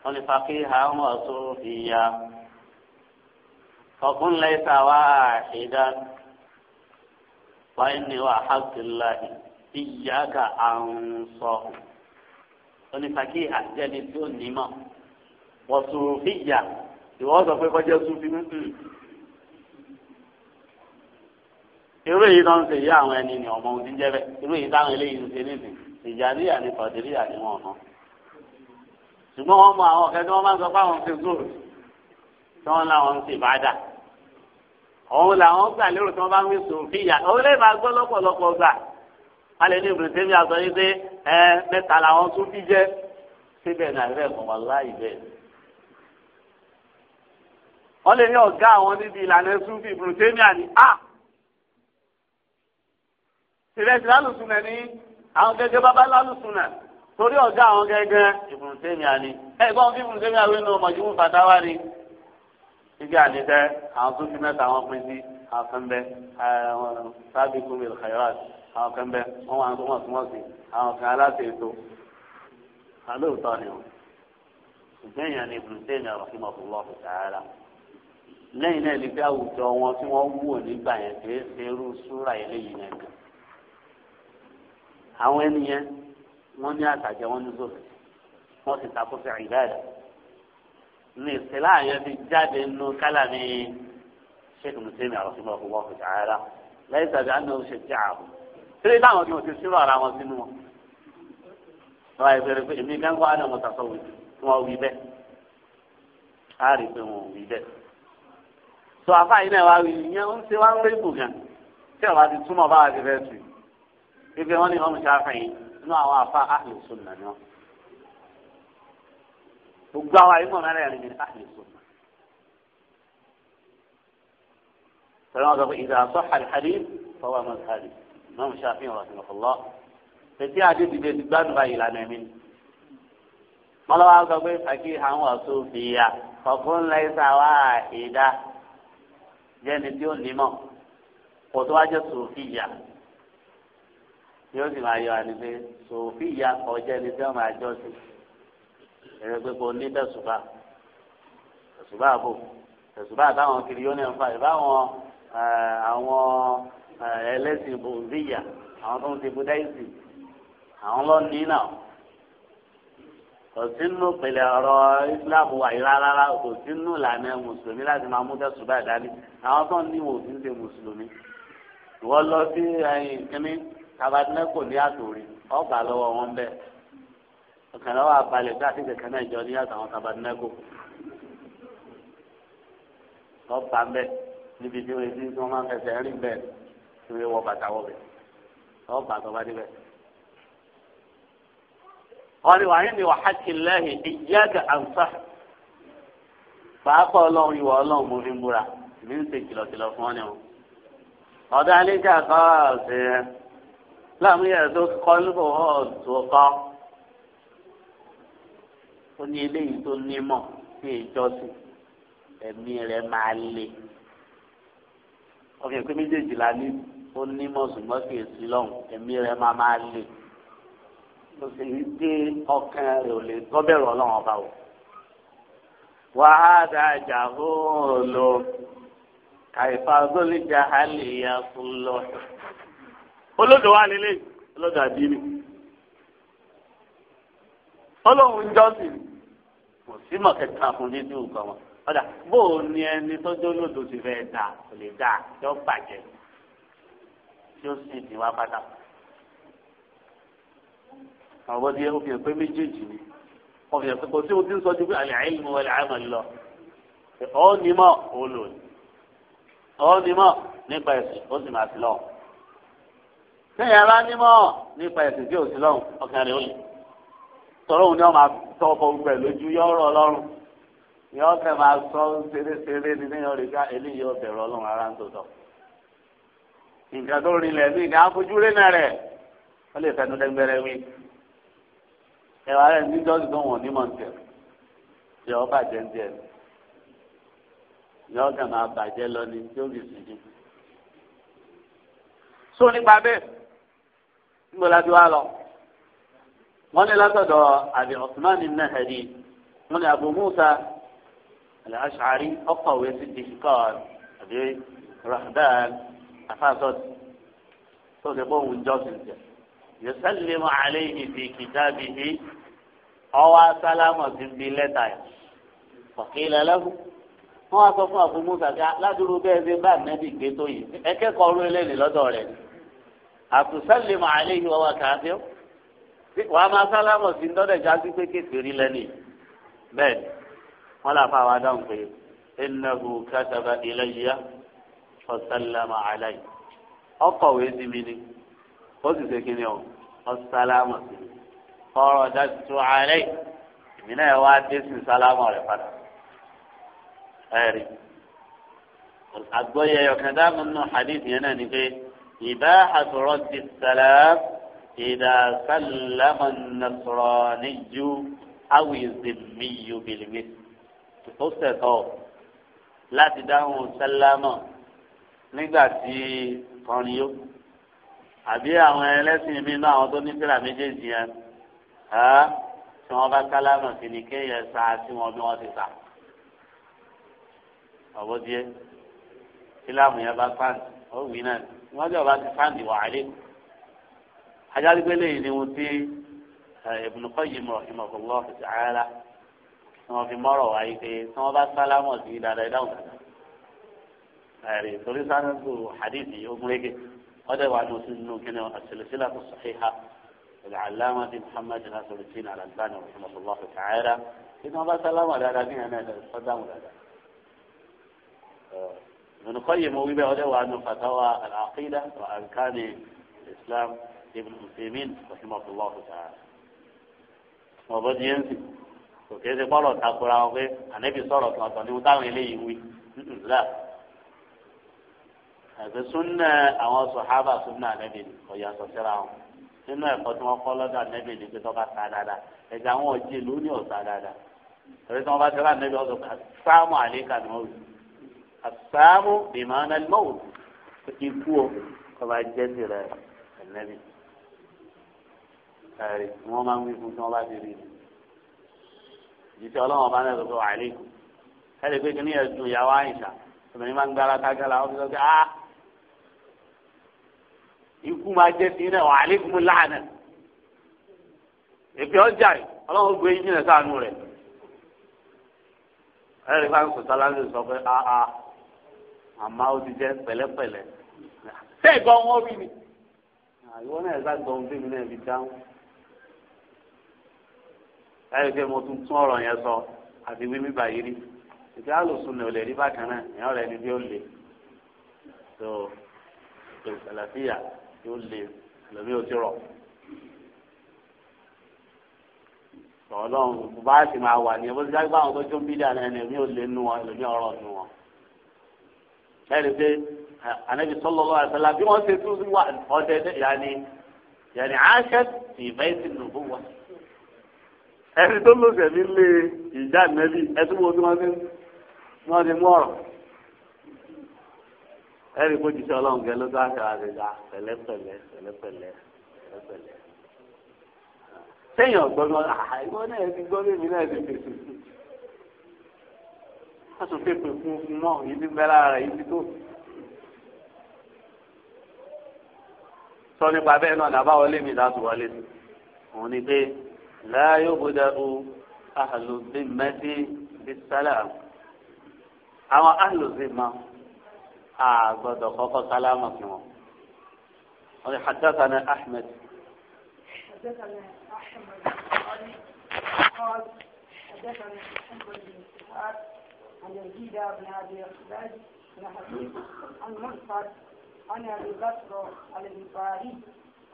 wọ́n ní fàkíhà ọmọ ọ̀tún ìyá ọ̀kún lẹ́sà wá àṣìdá wáyé ni wà hàkìláì ìyá ka àrùn sọ wọ́n ní fàkíhà jẹ́ni tó nímọ̀ ọ̀tún ìyá ìwọ́n sọ pé kọjá súnfì mú irú èyí náà ń ṣe ìyá àwọn ẹni ní ọmọ òun ti irú èyí táwọn eléyìí ń ṣe nísìnyí ìjà níyà ni kọ̀díríyà ni wọ́n náà ṣùgbọ́n wọ́n mọ àwọn ọ̀kẹ́ tí wọ́n máa ń sọ pé ti zoro tí wọ́n láwọn ti bá dà òun làwọn gbà lérò tí wọ́n bá ń wíṣọ fìyà òun lè máa gbọ́ lọ́pọ̀lọpọ̀ gbà wọ́n lè ní ìbùrùsẹ́ mi àgbọ̀ pé ẹ mẹ́ta làwọn tún fi jẹ́ síbẹ̀ náà rẹ̀ mọ̀ wá láì bẹ́ẹ̀. wọ́n lè ní ọ̀gá àwọn níbi ìlànà ẹ̀sùn fi ìbùrùsẹ́ mi àní à. tìrẹsì lálùsùn náà ní àwọn gẹ́gẹ́ bábá lálùsùn náà torí ọ̀gá àwọn gẹ́gẹ́ Ibn Taymiyyah ni ẹ̀gbọ́n bí Ibn Taymiyyah wí nù Majmu' Fatawa ni ibi àdìsẹ àwọn tó fi mẹ́ta àwọn pin sí àwọn kan bẹ sabiqu bil khairat àwọn kan bẹ wọn wà tó wọn súnmọ́ sí àwọn kan aláṣẹ ètò alóòótọ́ ni o ṣùgbọ́n èèyàn ni Ibn Taymiyyah rahimahullahu ta'ala lẹ́yìn náà ni pé àwùjọ wọn tí wọ́n wúwo àwọn ènìyàn wọ́n ní àtàjẹ wọ́n ní sófin wọ́n sì takò sí ìbáàdà ní ìsìlá yẹn ti jáde nínú kálá ní sheikh muslim arọ́símọ́ fún wọn kò sí ara lẹ́yìn tàbí àná ó ṣe jẹ́ ààbò sílẹ̀ táwọn tí wọ́n ti sírò ara wọn sínú wọn. wọ́n á yẹ fẹ́rẹ́ pé èmi gángan àná mo tàṣọ wí tí wọ́n wí bẹ́ẹ̀ á rí i pé wọ́n wí bẹ́ẹ̀. sọ àfáà yìí náà wá wí ìyẹn ń ṣe wá ń rí ibù gan tí ọ̀la ti túmọ̀ báwa ti fẹ́ tù í. wọn ni wọn mú ṣáfẹ́ yìí nínú àwọn afa ahli sunna ni wọn gbogbo àwọn àyè mọ̀nà rẹ̀ ni ahli sunna sọlá wọn sọ pé ìdá sọ àlìhàdí fọwọ́ àmọ́ àlìhàdí mọ́mú ṣàfihàn rẹ̀ sínú fọlọ́ tètè àdé dìde ti gbádùn báyìí lánàá mi mọ́lọ́wọ́ sọ pé fàkì àwọn ọ̀ṣun fìyà ọ̀gbọ́n láìsà wá ìdá jẹ́ni tí ó nímọ̀ kò tó wá jẹ́ sòfìyà yóò sì máa yọ àní pé sòfì ìyá ọjọ́ ẹni tí wọ́n máa jọ sí ẹni pé kò ní tẹ̀sùbà tẹ̀sùbà àbò tẹ̀sùbà àtàwọn kiri yóò ní ẹ̀fà ìbáwọn àwọn ẹlẹ́sìn bòzíyà àwọn tó ń ti budaisì àwọn lọ ní náà kò sínú pèlè ọ̀rọ̀ Islam wà yìí rárá kò sínú ìlànà mùsùlùmí láti máa mú tẹ̀sùbà dání àwọn tó ń ní wò sí ń ṣe mùsùlùmí ìwọ lọ sí ẹ̀yìn kínní tabatinẹ kò ní àtòrí ọgbà lọ́wọ́ wọn bẹ ọkàn lọ́wọ́ abalẹ bí àti kẹkẹ náà jọ ní àtàwọn tabatinẹ kò ọgbà bẹ níbi tí wọn ti tí wọn máa ń fẹsẹ̀ rìn bẹ tí wọn wọ bàtà wọ bẹ ọgbà tó bá débẹ̀. wọn ni wàá ní wàhákì lẹ́hìn ìyáàgà àǹfà pàápàá Ọlọ́run ìwà Ọlọ́run mo fi ń búra mi ń ṣe kìlọ̀kìlọ̀ fún ọ ni wọn. ọ̀dọ́ alẹ́ jà kọ́ ọ̀sẹ̀ yẹn láàmú yẹn tó kọ́ lóko ọ̀tún kọ́ ó ní eléyìí tó nímọ̀ sí ìjọsìn ẹ̀mí rẹ̀ máa le ọkàn pé méjèèjì la ní ó nímọ̀ ṣùgbọ́n kì í sí lọ́hùn ẹ̀mí rẹ̀ máa máa le ó sì ń dé ọkàn rẹ̀ ò lè tọ́bẹ̀rù ọlọ́run ọba o wàhálà àjàhó lò kàìfà gólíjà àlè yà fún lọ olódò wà nílé olódò àdínì ọlọ́run jọ́sìn kò sí mọ̀kẹ́ta fún nínú nǹkan wọn ọ̀dà bóò ni ẹni tó jẹ́ olódò ti fẹ́ dà kò lè dà yọ bàjẹ́ tí ó sì ní wá pátá àwọn ọdún yẹn ó fi hàn pé méjèèjì ni wọ́n fi hàn pé kò sí ohun tí ń sọ ju pé àlẹ́ àìlú wọn lè àmọ̀ lọ ọ́ nímọ̀ ó lò ní ọ́ nímọ̀ nípa ẹ̀sìn ó sì máa fi lọ́wọ́ téèyàn bá nímọ̀ nípa ẹ̀sìn tí ò sí lọ́hùn ọkàn rẹ̀ ó lè tọ́rọ òun ni wọ́n máa tọ́ ọkọ̀ gbẹ̀ lójú yọ̀rọ̀ ọlọ́run ni wọ́n kẹ́ máa sọ ṣeréṣeré ní lẹ́yìn ọ̀rẹ́ ká eléyìí ọ̀bẹ̀ rọ ọlọ́run ara ń tòótọ́ nǹkan tó rinlẹ̀ ní ìgbà fojú rénà rẹ̀ wọ́n lè fẹnu lẹ́gbẹ̀rẹ̀ wí ẹ̀wà rẹ̀ ní jọ́sì tó wọ̀n ní mọ̀ǹtẹ̀ ṣe ọ bàjẹ́ ń tẹ̀ ni wọ́n kẹ́ máa bàjẹ́ lọ ní tí fi sùn jù. só nípa bẹ́ẹ̀ níbo la ti wá lọ. wọ́n ní látọ̀dọ̀ àbí Usman ibn Hadi wọ́n ní Abu Musa al-Ash'ari ọ̀kọ̀wé sí dìkọ́ọ̀d àbí rahdan afasọ́t tó ti bóun jọ́sìn jẹ. yusallimu alayhi fi kitabihi ọwọ́ sálámù ti ń bi lẹ́tà yìí. faqila lahu wọ́n wá sọ fún Abu Musa ká ládùúgbò bẹ́ẹ̀ ṣe bá nẹ́bì gbé tó yìí ẹ̀kẹ́kọ̀ọ́ ọ̀rọ̀ eléyìí lọ́dọ̀ rẹ̀ ni àtúnṣẹ́lẹ̀mọ̀ àléyìn wọn wà káfíọ́ wàá máa sálámọ̀ sí ndọ́dẹ̀ jáde pé kékeré lẹ́nìí bẹ́ẹ̀ ni wọ́n làá fáwọn adáhùn pé ẹnìnàbù kátàbà ìlẹ́yìá ọ̀sálámọ̀ àléyìn ọkọ̀wé sí mi ni ó sì ṣe kí ni ọ ọ̀sálámọ̀ sí mi ọ̀rọ̀ dájú àléyìn èmi náà wá dé sí sálámọ̀ rẹ̀ padà ẹ̀rí àgbọ̀yẹ̀ ọ̀kadà mọ́nú hadith yẹn náà ni pé. إباحة رد السلام إذا سلم النصراني أو الذمي بالمثل تفسر لا dáhùn sálámà nígbà tí kọrin yó àbí àwọn ẹlẹ́sìn mi náà àwọn tó ní fìlà méjèèjì yẹn tí wọ́n bá sálámà sí ni kéèyàn sa tí wọ́n bí wọ́n ti sà ọ̀bọ̀díẹ́ sílámù yẹn bá pàǹtì ó wí náà. wọ́n jẹ́ ọba ti sáǹdì wà álé ajáde lẹ́yìn ni wọ́n ti Ibn Qayyim rahimahullah ta'ala tí wọ́n fi mọ́rọ̀ wáyé pé tí wọ́n bá sálámọ̀ sí dáadáa ìdáhùn dáadáa ẹ̀rí torí sáńdù hadith yìí ó múlẹ́gẹ̀ ọdẹ wà ní oṣù nínú kíni àṣìlẹ̀sílẹ̀ tó sàhíhà العلامة محمد ناصر الدين الألباني رحمه الله تعالى إنه بس سلام على ربيعنا صدام ولا لا ابن القيم ويبا ولو أن فتوى العقيدة وأركان الإسلام ابن المسلمين رحمه الله تعالى وبدي ينسي òkè ṣe bọ́lọ̀ takora wọn pé ànábì sọ̀rọ̀ kan ọ̀tọ̀ ní táwọn eléyìí wí là àti súnà àwọn sọ̀hábà súnà ànábì ni ọ̀yà sọ̀sẹ́ra wọn nínú ẹ̀kọ́ tí wọ́n kọ́ lọ́dọ̀ ànábì ni pé tó bá ta dáadáa ẹ̀jẹ̀ àwọn ọ̀jẹ̀ ló ní ọ̀sà dáadáa torí tí wọ́n bá tẹ́lá ànábì ọ̀sọ̀ sáàmù àlékà ni wọ́n wí àsáàmù bìmọ̀nà lọ́wọ́ ikú o ọba jẹ́ tirẹ̀ ẹ̀nẹ́bí. ẹ̀rí wọ́n máa ń wí fún tí wọ́n bá ti rí i. ìjíṣẹ́ ọlọ́run ọba náà lọ́sọ̀rọ̀ àlékún. ẹ̀rí pé kí ni ẹ̀dùn ìyàwó àyìnṣà obìnrin máa ń gbára kágàlà ó fi sọ pé a ah! ikú máa jẹ́ sí náà wà àlékún láàánà. èpè ọjà rẹ̀ ọlọ́run gbé yín jìnnà sáànù rẹ̀. ẹ̀rí bá àmọ́ ó ti jẹ́ pẹ̀lẹ́pẹ̀lẹ́ tẹ́ ìgbọ́ wọn rí mi àyíwọ́ náà ẹ̀ka gbọ́ ohun tèmi náà fi dáhùn láyé pé mo tún tún ọ̀rọ̀ yẹn sọ àti wí mí báyìí rí ìgbà àlòsùn ni ò lè rí bákan náà èèyàn rẹ̀ ni bí ó lè tó tó sàlàfíà yóò lè lómi ò ti rọ̀ ọlọ́run bá a ti máa wà ní ẹ bó ti dágbà àwọn tó jó ń bí dáná ẹni èmi ò lè nu wọn èmi ọ̀rọ̀ nu wọn ẹni pé anabi sallallahu alaihi wasallam bí wọn ṣe tún sí wa ọdẹ yanni yanni aṣẹ ìbẹ́ẹ̀tì nùbú wa ẹni tó ló sẹ̀mí lé ìjà nẹ́bí ẹtú wo tí wọ́n ti wọ́n ti mú ọ̀rọ̀ ẹni kó jíṣẹ́ ọlọ́run gẹ ló tó àṣà àṣẹjà pẹ̀lẹ́pẹ̀lẹ́ pẹ̀lẹ́pẹ̀lẹ́ pẹ̀lẹ́pẹ̀lẹ́ sẹ́yìn ọ̀gbọ́n náà àìgbọ́n náà ti gbọ́ wọ́n tún fẹ́ pè fún fún mọ́ èyí ti bẹ́ lára rẹ̀ èyí ti tó. sọ nípa bẹ́ẹ̀ náà dàbá wọlé mi láti wọlé sí òun ni pé láàyè òbúdà o àlùbí mẹ́tí bí sálà àwọn àlùbí máa àgbọ̀dọ̀ kọ́kọ́ sálámà sí wọn. wọ́n ti xàtàkà ní Ahmed. حدثنا أحمد قال حدثنا محمد بن عن يزيد بن ابي خباز بن حبيب عن مسعد عن ابي بكر الانصاري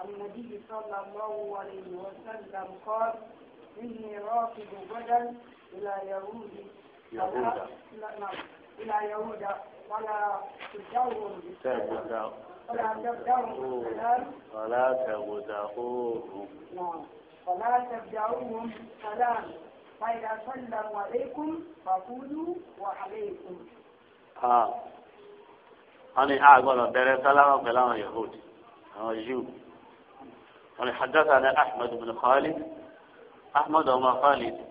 عن النبي صلى الله عليه وسلم قال اني راكب غدا الى يهود نعم الى يهودا ولا تدعوهم بالسلام ولا تبدعوهم بالسلام ولا تبدعوهم نعم ولا تبدعوهم بالسلام فإذا سلم عليكم فقولوا وعليكم آه أنا أعقل بين سلام بلا يهود أنا جيو أنا حدثنا أحمد بن خالد أحمد وما خالد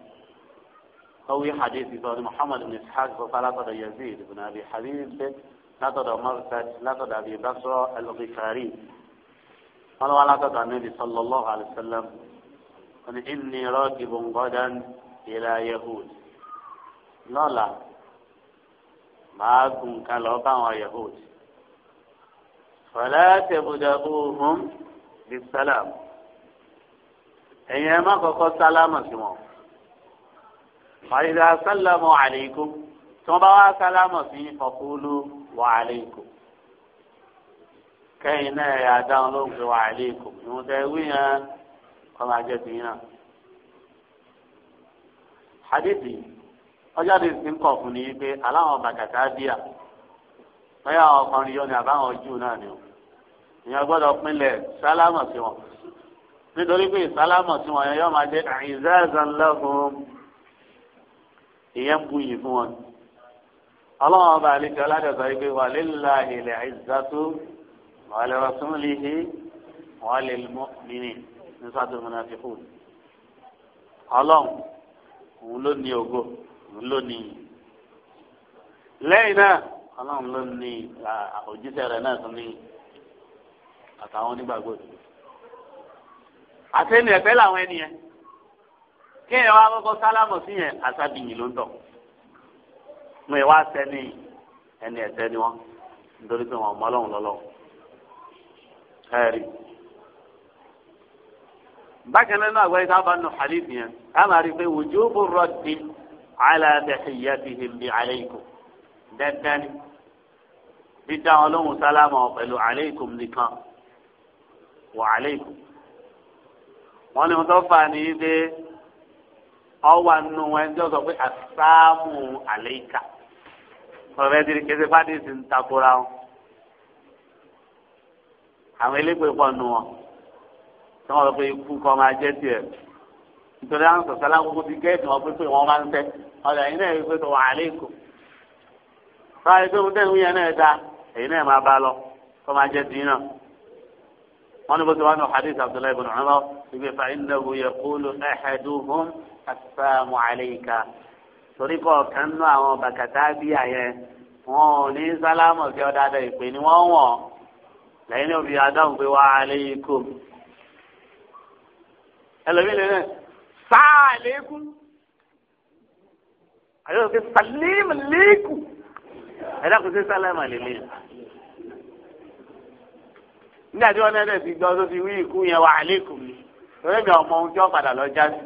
هو حديث بن محمد بن إسحاق فقال يزيد بن أبي حبيب لقد مرتد لقد أبي بكر الغفاري قال وعلى النبي صلى الله عليه وسلم قال إني راكب غدا ìlà yehud lọ́la màá gùn kan lọ bá àwọn yehud fọlá tẹ̀bùdà òhun bí sálàm ẹ̀yin ẹ̀ má kọ́kọ́ sálámù sí wọn fàyídà sálámù àlẹ́kùm tí wọ́n bá wá sálámù sí fọkúlù wà àlẹ́kùm kẹ́yìn náà yà dáhùn ló ń pè wà àlẹ́kùm ìwọ̀n tẹ̀ wí kọ́ máa jẹ́ tìyín hadithi ọjà lè ti ń kọ̀ fún ni pé aláwọn bàkàtà bíà bóyá àwọn ọkùnrin yóò ní àbáwọn jù náà ni o èèyàn gbọ́dọ̀ pinlẹ̀ sálámọ̀ sí wọn nítorí pé sálámọ̀ sí wọn yẹn yóò máa jẹ́ àìzáàzán lọ́hùn ìyẹn ń yìí fún wọn. ọlọ́run ọba àlejò aládọ̀sọ yìí pé wà lílà ilẹ̀ àìzátó wà lẹ́rọ súnmọ́lìhì wà lè mọ́ nínú nísàtúmọ̀ náà ti kù. ọlọ́run òun ló ní ògo òun ló ní lẹ́yìn náà ọlọ́run ló ní òjíṣẹ́ rẹ̀ náà tún ní àtàwọn onígbàgbọ́ òdodo àtẹnu ẹ̀fẹ́ làwọn ẹnìyẹn kéèyàn wá kọ́kọ́ sálámù sí yẹn àtàbíyìn ló ń tọ̀ mo ìwà sẹ́ni ẹni ẹ̀sẹ̀ ni wọ́n nítorí pé wọ́n mọ́ ọlọ́run lọ́lọ́run ẹ̀rí bákan náà àgbáyé tá a bá nù xalif yẹn ká máa rí i pé wujubu raddi ala tahiyyatihim bi alaykum dandan dídá wọn lóhùn sálámà pẹ̀lú alaykum nìkan wa alaykum wọn ni wọn tó fà ní nù wọn ẹni sọ pé asaamu alayka ọ̀rẹ́ diri kẹsẹ̀ fàdí sí ń takora wọn àwọn elégbè pọ̀ nù wọn tí wọ́n sọ pé ikú kan máa jẹ́ tiẹ̀ nítorí àwọn sọ̀tà lákòókò ti gẹ́ẹ̀tì wọn pé pé wọ́n máa ń tẹ́ ọ̀dà yìí náà wípé tó wà á lè kó báyìí pé mútẹ́ ìwúyẹn náà da èyí náà máa bá lọ kó máa jẹ́ dín náà wọ́n ní bó ti wá nù hadith abdullahi ibn umar ibi fa innahu yaqulu ahaduhum assalamu alayka torí kọ́ ọ̀kan nú àwọn bàkàtà bí àyẹn wọn ò ní sálámù kí ọ dáadáa ìpè ni wọ́n wọ̀ lẹ́yìn ní òbí adáhùn pé wa alaykum ẹlẹ́mìí lẹ́nà sáà lẹ́kùn àyọ̀ kí sàlẹ́mù lẹ́kùn ẹ̀dá kò sí sàlẹ́mù àlẹ́lẹ́ nígbà tí wọn náà ti gbọ́ tó ti wí ikú yẹn wà lẹ́kùn mi lórí mi ọmọ ohun tí wọn padà lọ já sí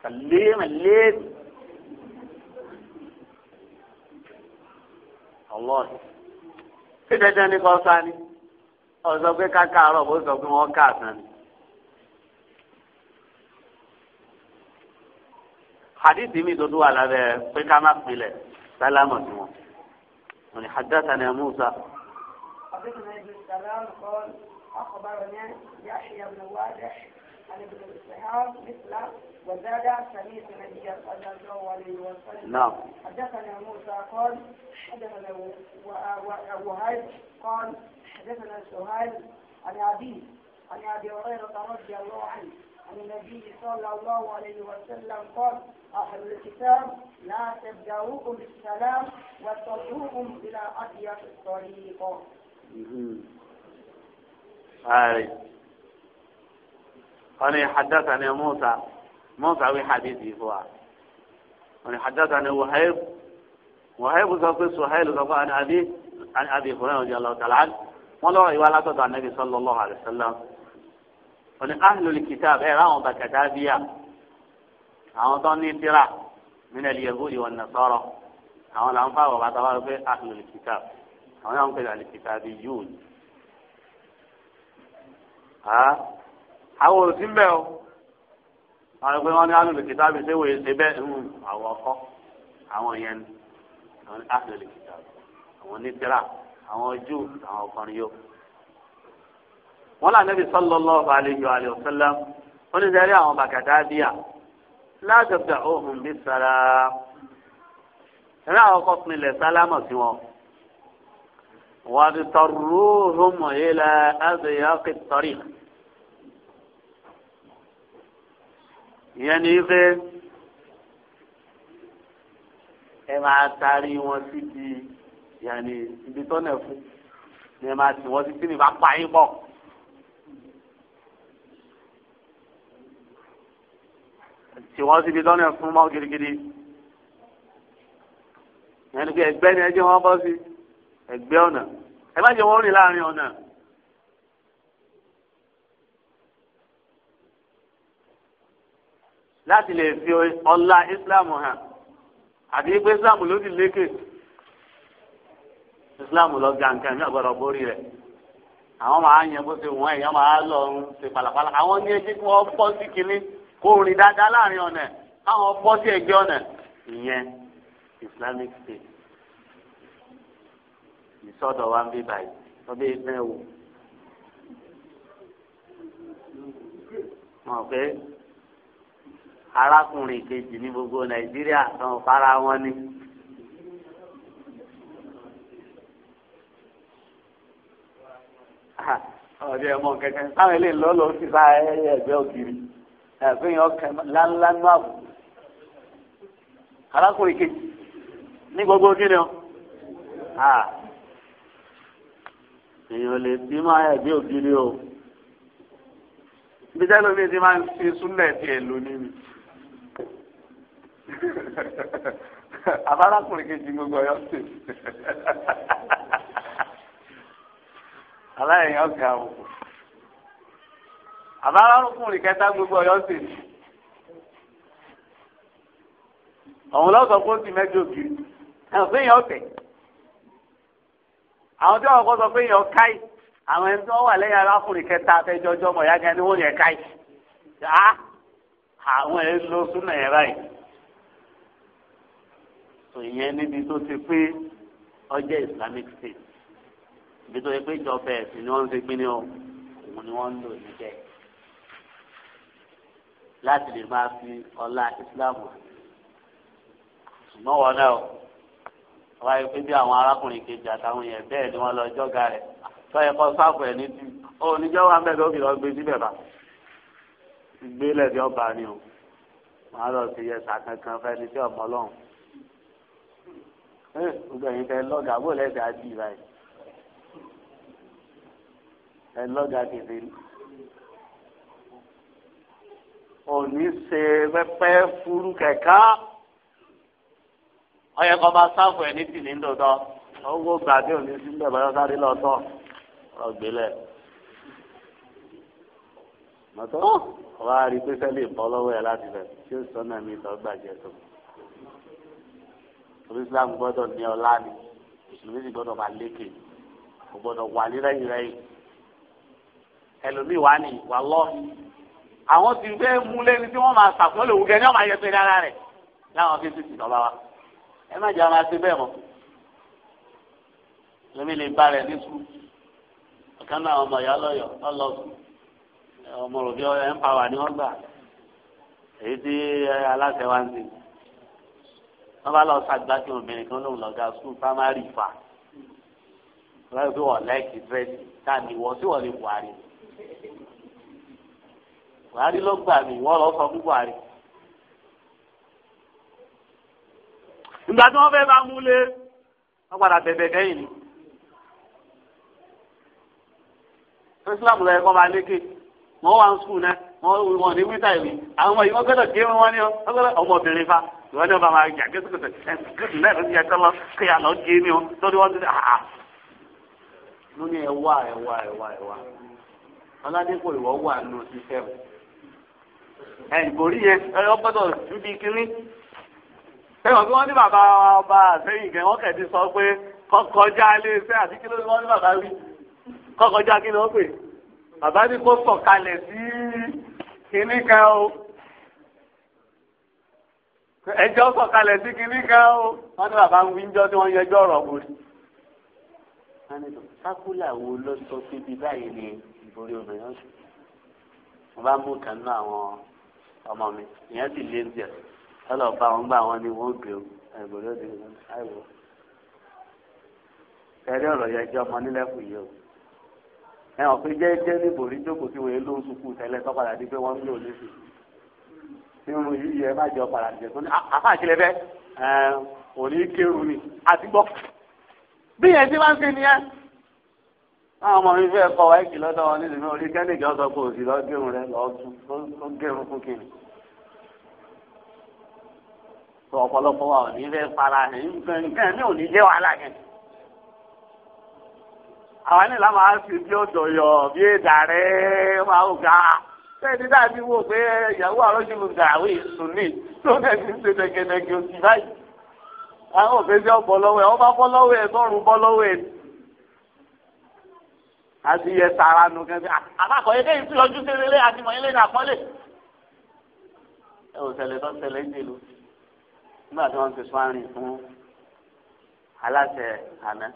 sàlẹ́mù lẹ́kùn ṣé dandan ni kò sá ni pé ká káàárọ̀ bó sọ pé wọ́n ká ni. hadith mi tó dúwà lábẹ́ pé ká má pilẹ̀ sálámù sí wọn. wọn ni حدثنا ابن السلام قال اخبرنا يحيى بن واضح عن ابن الشهاب مثله وزاد سميت النبي صلى الله عليه وسلم نعم حدثنا موسى قال حدثنا وهيب قال حدثنا سهيل عن ابي عن ابي هريره رضي الله عنه النبي صلى الله عليه وسلم قال أهل الكتاب لا تبدأوهم بالسلام وتطلعوهم إلى أضيق الطريق. هاي أنا حدثني موسى موسى وحديثي هو أنا حدثني وهيب وهيب زوجي سهيل زوجي عن أبي عن أبي هريرة رضي الله تعالى عنه ولو إيوالا النبي صلى الله عليه وسلم òní ahlul kitab bẹ́ẹ̀ ráwọn bàkàtà bíyà àwọn tó ní tírà min al-yahudi wan nasara àwọn làwọn fáwọn bàtà wà lópe ahlul kitab àwọn yàwọn pèlè al-kitabiyun. àwọn òsì ń bẹ̀ o àwọn ìpè wọn ní ahlul kitab bí ṣé wòye ṣe bẹ́ẹ̀ ń àwọn ọkọ àwọn yẹn ni àwọn ahlul kitab àwọn ní tírà àwọn Júù wọn là nẹbi sallallahu alayhi wa sallam wọn ní sẹrí àwọn bàkàtà bíyà ládọgba ohun bí sara ẹrí àwọn kọkùnrin lẹ sálámọ sí wọn wọn ti tọrọ ọhún ila adiyaqi tariq ìyẹn ní ife ẹ máa taari wọn síbi yàní ibi tọ́nà fún ẹ máa tì wọ́n sí kí ni bá pa yín pọ̀. tí wọ́n síbi lọ́nà fún mọ́ gidigidi yẹn ni pé ẹgbẹ́ ni ẹjẹ́ wọn bọ́ sí ẹgbẹ́ ọ̀nà ẹ má jẹ́ wọ́n rìn láàrin ọ̀nà. láti lè fi ọlá Islam hàn àti pé Islam ló ti lékè Islam lọ ga nǹkan mi borí rẹ̀ àwọn máa ń yẹn bó ṣe wọ́n ẹ̀yàn máa lọ ṣe pàlàpàlà àwọn ní ẹjẹ́ kí wọ́n bọ́ sí kinní kó rìn dáadáa láàrin ọ̀nà káwọn bọ́ sí ẹgbẹ́ ọ̀nà ìyẹn islamic state ìsọdọ̀ wa ń bí báyìí ọbẹ̀ iná ẹ̀wò. mọ̀ pé arákùnrin kejì ní gbogbo nàìjíríà tán fara wọn ni. ọ̀dẹ̀ ẹ̀mọ́ kẹ̀kẹ́ sáwọn eléyìí lọ́ọ́ lọ́ọ́ sí sáà ẹ̀ẹ́dẹ́gbẹ́ òkiri àfihàn ọkàn ńláńlá nù àbò arákùnrin kejì ní gbogbo kíni ọ èèyàn lè bí máa ẹ̀bí ògiri o bí tẹ́lẹ̀ omi ti máa ń fi súnlẹ̀ tiẹ̀ lónìí mi abarakùnrin kejì gbogbo ọyọ sí aláìyàn ọkàn àwòkù àbárárùnkùnrin kẹta gbogbo ọyọ sì ni òun lọ́sọ̀ kó sì mẹ́jọ kiri ẹ̀hún pé èèyàn tẹ̀ àwọn tí wọn kọ́ sọ pé èèyàn káì àwọn ẹni tí wọ́n wà lẹ́yìn arákùnrin kẹta àtẹjọjọ mọ̀ yága ni wọ́n yẹ káì á àwọn ẹ̀ lọ súnà ẹ̀ báyìí tó ìyẹn níbi tó ti pé ọjọ́ Islamic State ibi tó yẹ pé ìjọba ẹ̀sìn ni wọ́n ń ṣe gbé ní ọ òun ni wọ́n ń lò níbẹ̀ láti lè máa fi ọlá ìsìláàmù ṣùgbọ́n wọn náà wọ́n yẹ pé bí àwọn arákùnrin kejì àtàwọn yẹn bẹ́ẹ̀ ni wọ́n lọ jọ́gà rẹ̀ tó yẹ kó sáàpù ẹ̀ ní ti oníjọ́ wa bẹ́ẹ̀ ló fi lọ gbé síbẹ̀ bá gbé lẹ́bi ọba ni o wọ́n lọ sí ẹ̀sà kankan fẹ́ni tí ọmọ ọlọ́run ẹ gbogbo ẹ̀yin fẹ́ lọ́gà bó lẹ́sẹ̀ á jì báyìí ẹ lọ́gà kejì òní ṣe pẹ́pẹ́ fúrú kẹ̀kẹ́ ọyẹ kọ́ bá sáfù ẹ̀ ní tìlí ńdòdọ́ owó gbà òní sí ńdòdọ́ yọ sáré ọ ọ̀gbẹ́lẹ̀ mọ̀tọ́ ọba rí pé sẹ́lẹ̀ bọ́ lọ́wọ́ láti mi tó ní ọlá ni mùsùlùmí sì gbọ́dọ̀ máa lékè kò wà ní rẹ́yìn rẹ́yìn ẹlòmíì wà ní wà lọ. àwọn ti fẹ́ mú lẹ́ni tí wọ́n máa sàpọ́nlé òwú gẹ́gẹ́ máa yẹ pé rárá rẹ̀ láwọn fi ti tìjọba wa ẹ má jẹ́ àwọn àti bẹ́ẹ̀ mọ́ lómi lè bá rẹ̀ ní sùn ọ̀kan náà ọmọ ìyá lọ́yọ̀ lọ́lọ́ sùn ọmọ òbí ẹ̀ńpáwà ni wọ́n gbà èyí tí aláṣẹ wa ń sìn wọ́n bá lọ sàgbájú obìnrin kan lóun lọ́gà sùn primary fa wọ́n fi wọ̀ lẹ́ẹ̀kì dírẹ́sì táà ní wọ́n sí wọ́n lè buhari ló gbà mí lọ sọ fún buhari. ìgbà tí wọ́n fẹ́ bá mú lé wọ́n padà bẹ̀bẹ̀ ni. islam lọ máa wà náà ní wíńtà àwọn ọmọ yìí gé fa máa jà náà ló ti kí àná ah, gé ah. lórí wọn ti lónìí ẹ wá ẹ wá ẹ wá ẹ wá ọládé ẹ ìgbòrí yẹn ẹ ọgbọ́dọ̀ síbi kínní. ẹ̀wọ̀n tí wọ́n ní bàbá ọba àtẹ̀yìn kẹ́ wọ́n kẹ̀dí sọ pé kọkọjá iléeṣẹ́ àti kí ló ní wọ́n ní bàbá rí kọkọjá kí ni wọ́n pè bàbá ní kó sọ̀kalẹ̀ sí kínní kan o ẹjọ́ sọ̀kalẹ̀ sí kínní kan o wọ́n ní bàbá ń wí ńjọ́ tí wọ́n yẹjọ́ ọ̀rọ̀ wò sákúlà wo ló sọ síbi báyìí ni ìborí obìnrin ọ̀sùn wọ́n bá mú kan náà àwọn ọmọ mi ìyẹn sì lé díẹ̀ lọ́lọ́ bá wọn gbà wọn ni wọ́n gbé o ẹ̀gbọ́n ló dé àìwò. ẹ̀rí ọ̀rọ̀ yẹn jẹ́ ọmọ nílẹ̀kùn yìí o ẹ̀wọ̀n pé jẹ́jẹ́ níbo rí jókòó tí wọ́n ló ń sukù tẹ́lẹ̀ tọ́padà di pé wọ́n ń lò lẹ́sìn. nínú yìí yẹ má jọ padà jẹ tó ní àfàkìlẹ̀ bẹ́ẹ̀ òní kéwù ni àtìgbọ́ bí yẹn ti máa ń ṣe nìyẹn àwọn ọmọ mi fẹ́ kọ wáìkì lọ́dọ̀ wọn nídìí orí kẹ́nìkì ọ̀sọ̀ kò sí lọ́gẹ̀rún rẹ lọ́ọ́ gẹ̀rún fún kìnnì. tó ọ̀pọ̀lọpọ̀ wa ò ní fẹ́ fara hàn nǹkan ní òní jẹ́ wàhálà yẹn. àwọn nílá máa ń fi bí ọ̀dọ̀ yọ bí èdà rẹ̀ máa ń ga. sẹ́ni dáa ti wò pé ìyàwó àròjù ló dàwé sùnì tó dẹ̀ ti ń ṣe dẹ̀gẹ̀dẹ̀gẹ̀ òsì báyìí. àwọn òfin àti yẹ sara nù kẹfì àkàkọ ilé yìí lọjú sílé àti mọ ilé yìí àpọ́nlé. ẹ ò ṣẹlẹ̀ tó ṣẹlẹ̀ ń dèlú nígbà tí wọ́n ti sọ àárín fún aláṣẹ àná.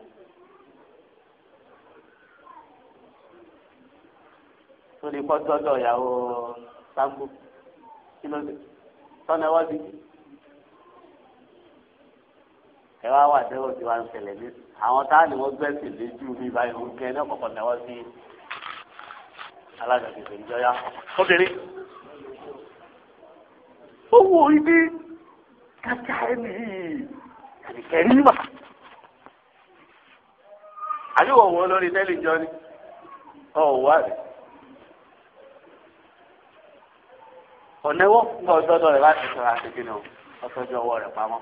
sórí kọ́tọ́dọ̀ ìyàwó sáńgbó kí ló dé tọ́nà wọ́n di. ẹ wá wà dẹ́wọ̀ tí wàá ń ṣẹlẹ̀ nísìnyí àwọn táàlì wọn gbẹ́sì lójú mi báyìí wọn kẹ́ ẹ náà náà wọ́n sí alága kìkì ìjọya obìnrin. ó wo ibi kàkà ẹni kẹ̀kẹ́ nígbà. àbíwọ̀ wo lórí tẹ́lẹ̀ ìjọ ni ọ̀ wá rẹ̀. ọ̀nẹ́wọ́ ń bọ̀ ọ̀dọ́dọ̀ rẹ̀ láti sọ̀rọ̀ àti kí ni ọ̀tọ́jú ọwọ́ rẹ̀ pamọ́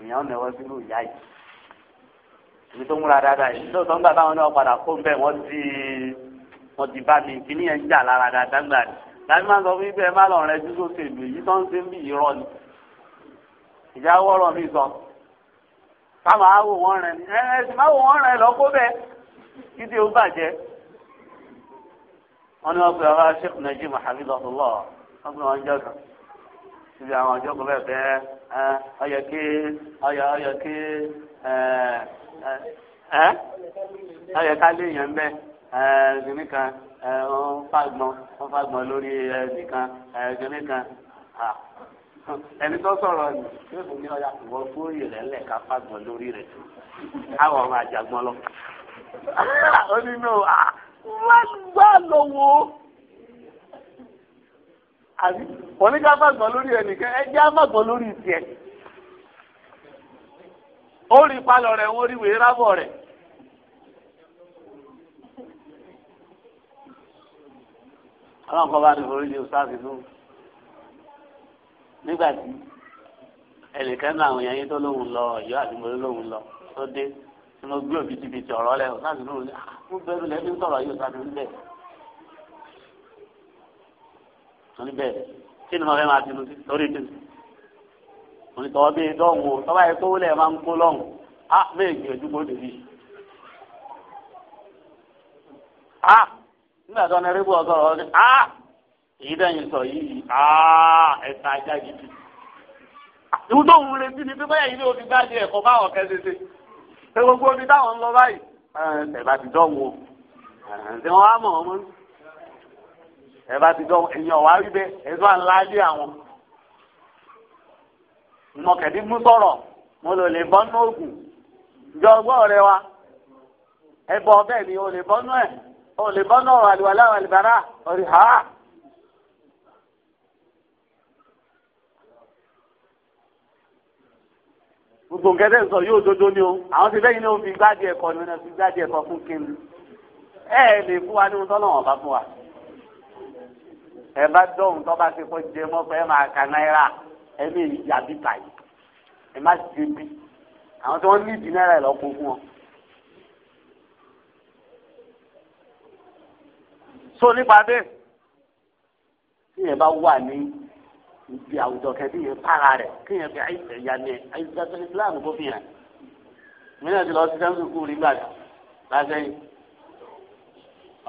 èèyàn náwó sínú ìyá yìí ibi tó ń múra dáadáa yìí lóòótọ́ nígbà táwọn náà padà kó ń bẹ̀ wọ́n ti wọ́n ti bá mi kíní yẹn ń jà lára dáadáa gbà ní láti máa sọ fún yín pé ẹ má lọ rẹ dúró sèlú èyí tó ń ṣe ń bí irọ́ ni ìjà wọ́rọ̀ mi sọ táwọn á wò wọ́n rẹ ni ẹ ẹ sì má wò wọ́n rẹ lọ kó bẹ́ẹ̀ kí tí ó bàjẹ́ wọ́n ní wọ́n pe ọba sheikh najim hamid ọ̀sùn lọ́ọ̀ wọ́n pe wọn jọ́ ọyọ kí ọyọ ọyọ kí ọyọ ká léèyàn ń bẹ gíní kan ń fàgbọn ń fàgbọn lórí nìkan gíní kan ẹni tó sọ̀rọ̀ ni yóò tún ní ọyà ìwọ fúrì rẹ̀ lẹ̀ ká fàgbọn lórí rẹ̀ àwọn ọmọ àjàgbọ́n lọ. ó ní nù wá lọ́wọ́ àbí wọ́n ní ká má gbọ́n lórí ẹnìkan ẹ jẹ́ á má gbọ́n lórí tiẹ̀. ó rí palọ̀ rẹ̀ wọ́n rí wèé rábọ̀ rẹ̀. ọlọ́run kọ́ bá ní orí ní ọ̀sán àfihàn nígbà tí ẹnìkan náà àwọn yẹn tó lóhùn lọ ọ̀yọ́ àti mo lóhùn lọ tó dé tí mo gbé òbítíbitì ọ̀rọ̀ lẹ́wọ̀n láti lóhùn lẹ́wọ̀n mo bẹ̀rù lẹ́bí ń sọ̀rọ̀ yóò sábẹ́ ń bẹ̀rù. torí bẹ́ẹ̀ kí ni mo fẹ́ máa tinú lórí kí ni mo ní tọ́wọ́ bíi dọ́ọ̀mù o tọ́ba yẹ kó lẹ̀ máa ń kó lọ́hùn á ah, bẹ́ẹ̀ gbìyànjú bó dèbí. á ah, nígbà tó ní rébù ọ̀sọ̀ ọ̀rọ̀ ni á ah, èyí dẹ́yìn sọ yìí á ẹ̀ka ajá gidi. ìwú tó ń retí ni pípẹ́ yìí ni o ti gbájú ẹ̀kọ́ bá ọ̀kẹ́ ṣeṣe pé gbogbo omi táwọn ń lọ báyìí ẹ̀ bá ti dọ́ọ̀mù o ẹ̀ ẹ bá ti dán ẹ̀yin ọ̀wá rí bẹ́ẹ̀ ẹ tó à ń láyé àwọn. mo kẹ̀dí mú sọ̀rọ̀ mo lò lè bọ́ nú òògùn jọ ọgbọ́n ọ̀rẹ́ wa ẹ bọ bẹ́ẹ̀ ni o lè bọ́ nú ẹ̀ o lè bọ́ nú ọ̀rọ̀ àlùwà láwọn àlùbárà ọ̀rẹ́ ha. gbogbo nǹkan tẹ̀ ń sọ yóò dodo ni o àwọn ti lẹ́yìn ní o fi gbádìí ẹ̀kọ́ ni o fi gbádìí ẹ̀kọ́ fún kí n lè fún wa ní ohun tọ́lọ́wọ̀n bá fún wa ẹ bá dọ̀hún tó bá ti kó jẹ mọ́ pé ẹ máa ka náírà ẹ bí ìyá báyìí ẹ má ti bí àwọn tó ń ní ìdí náírà lọ fún ọ. so nípa bẹ́ẹ̀ tí yẹn bá wà ní ibi àwùjọ kẹ́kẹ́ yẹn para rẹ̀ kí yẹn fi àìsàn ìyá ni àìsàn Islam kó fi hàn mí náà ti lọ sí sẹ́ńsì kúrú nígbà tí lásẹ̀yìn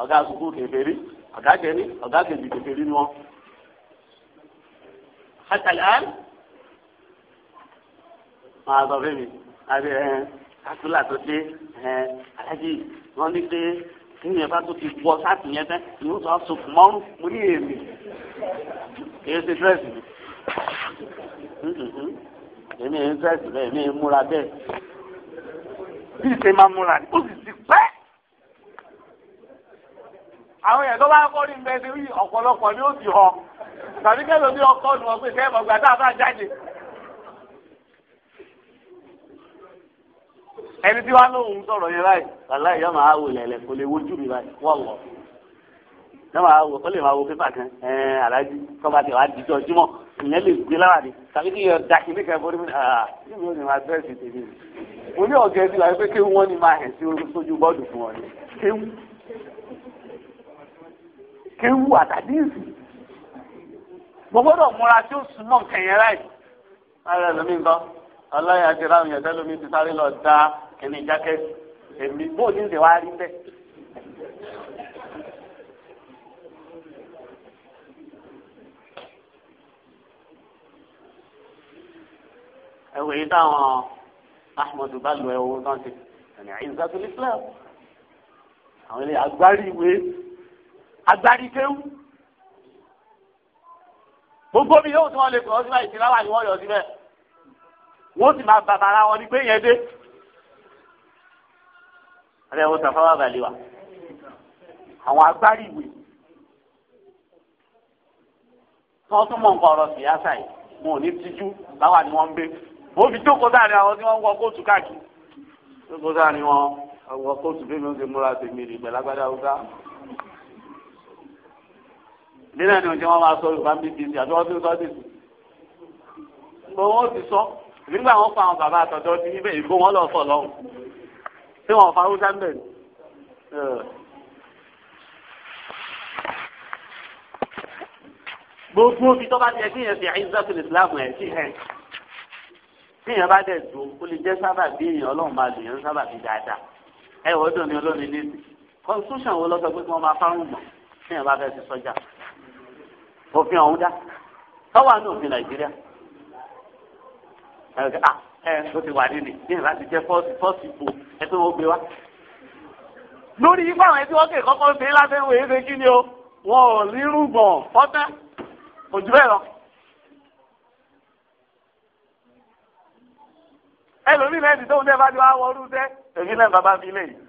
ọ̀gá sùkúrù kẹfẹ́ rí ọ̀gá kẹ́ni ọ̀gá kejì kẹfẹ́ rí wọn. hàtàlán máa sọ fún mi àbí ẹ kátólà tó dé ẹ alájì wọn ní pé kínyẹn bá tó ti wọ sáàtì yẹn tẹ ni wọn sọ sọkùn mọrùn mo ní èmi èyí ṣe dírẹ́sì mi èmi èyí dírẹ́sì bẹ́ẹ̀ èmi múra bẹ́ẹ̀ bí ìṣe máa múra ni ó sì ti pẹ́ àwọn èèyàn tó bá kọ́ ní mbẹ́ ti ọ̀pọ̀lọpọ̀ ni ó ti họ tàbí kẹ́lò ní ọkọ nù ọgbẹ́ kẹ́ ọgbà tá a bá jáde. ẹni tí wàá lóhùn sọ̀rọ̀ yẹn báyìí wàláì yóò máa wò lẹ̀lẹ̀ kò lè wojú mi báyìí wọ́n lọ. yóò máa wò ó lè máa wo pépà kan ẹ̀ẹ́n aláàjì tọ́ba tí wàá dijọ́ júmọ̀ ìyẹn lè gbé láwà tàbí kí yọ̀ọ́ dàkí ní kẹfọ́ níbi àà kí mi ní máa dírẹ́sì tèmi. mo ní ọ̀gẹ́ ti wáyé pé kéwú ni máa hẹ̀ sí orí sójú bọ́ọ̀dù fún ọ kéwù àtàdínsì mo gbọ́dọ̀ múra tí ó sùn náà kẹyìn láì ara lómi nǹkan ọlọ́yà àti ráhùn yẹn tẹ́lómi ti sáré lọ da kìnìún jákẹ́tì èmi bóun ní ìdèwà rí bẹ́ẹ̀. ẹwẹ yìí táwọn ahmed bá lu ẹwọ náà ti ẹni àyìn sátúlì fúlẹ àwọn ilé agbárí ìwé agbáríkéwú gbogbo mi yóò tún wọn lè pọ̀ ọ́ síbẹ̀ ìsinmi àwọn àyẹ̀wò ọ̀yọ́ síbẹ̀ wọ́n sì máa bàbàrà wọn ni pé yẹn dé rẹ̀ wọ́n sàfáwà balẹ̀ wa àwọn agbárí ìwé wọ́n tún mọ̀ nǹkan ọ̀rọ̀ síyáṣà yìí wọn ò ní tijú báwa ni wọ́n ń gbé wọ́n fi jókòó dáa ní àwọn tí wọ́n ń wọ kóòtù káàkiri jókòó dáa ní wọn wọ kóòtù bí mi ń ṣe múra tèmi rí pẹ̀lágbádá ọ̀gá nínú ẹni oúnjẹ wọn máa sọ yorùbá bbc àti wọn tó sọ sí i wọn ti sọ nígbà wọn fa àwọn bàbá àtọjọ ti níbẹ̀ ìbò wọn lọ fọ lọ́hùn tí wọn fa húsá mbẹ ni. gbogbo omi tó bá tiẹ̀ kí yẹn fi àìsàtò ìsìlámù ẹ̀ sí ẹ̀ tí yẹn bá dẹ̀ dùn ó lè jẹ́ sábà bí èèyàn ọlọ́run máa lè yẹn sábà bí dáadáa ẹ wọ́n dùn ní olómi nísì constitution wo lọ pé kí wọ́n máa fárùn mọ́ tí yẹn bá fẹ́ sí sọ́jà òfin ọ̀hún dá tọ́wà ní òfin nàìjíríà ẹ ẹ ló ti wà nílé ní ìlà jẹ fọ́ọ̀sì fọ́ọ̀sì ipò ẹ tó wọ́n gbé wá. lórí ipá àwọn ẹbí wọ́n kè kọ́kọ́ ṣe é lábẹ́ wòye ṣe kí ni o wọn ò rírun gbọ̀n fọ́tẹ́ kò jù bẹ́ẹ̀ lọ. ẹlòmíì lẹ́yìn tó ń tẹ́ bá ti wá wọlú tẹ́ èmi náà bàbá mi lẹ́yìn.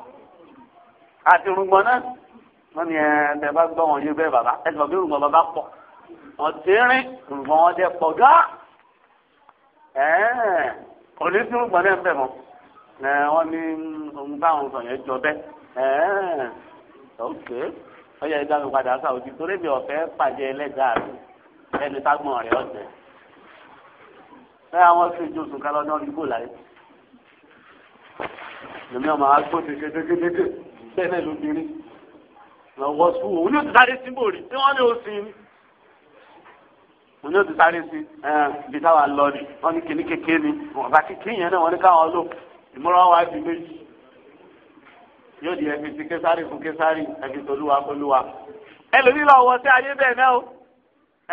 àti rúgbọ́n náà wọ́n ní ẹ̀ bá gbọ́ wọn yé bẹ́ẹ̀ bàbá ẹ̀ sọ pé rúgbọ́n bàbá pọ̀ wọ́n ti rìn rúgbọ́n wọn jẹ́ pọ̀ gá kò ní sí rúgbọ́n náà bẹ̀ mọ́ wọ́n ní ohun táwọn sọ yẹn jọ bẹ́ẹ̀ ok ó yẹ ìdáhùn padà sáà òjì torí mi ọ̀fẹ́ pàjẹ́ ẹlẹ́gàá rẹ̀ ẹni tágbọ̀n rẹ̀ ọ̀tẹ̀ bẹ́ẹ̀ àwọn sì ju oṣù kan lọ́dún ọdún ìgbò láyé lèmi ọmọ agbóṣe ṣe dékédéké bẹ́ẹ̀ náà ló lọ́wọ́ sùn òun yóò ti sáré sí bòrí tí wọ́n ní oṣù yìí òun yóò ti sí ibi táwa lọ ni wọ́n ní kíní kékeré ni wọ́n kékeré yẹn náà wọ́n ní káwọn lò ìmúra wa di méjì yóò di ẹbí ti késárì fún késárì ẹbí tolúwa tolúwa ẹlòmíì lọ sí ayé bẹ́ẹ̀ náà o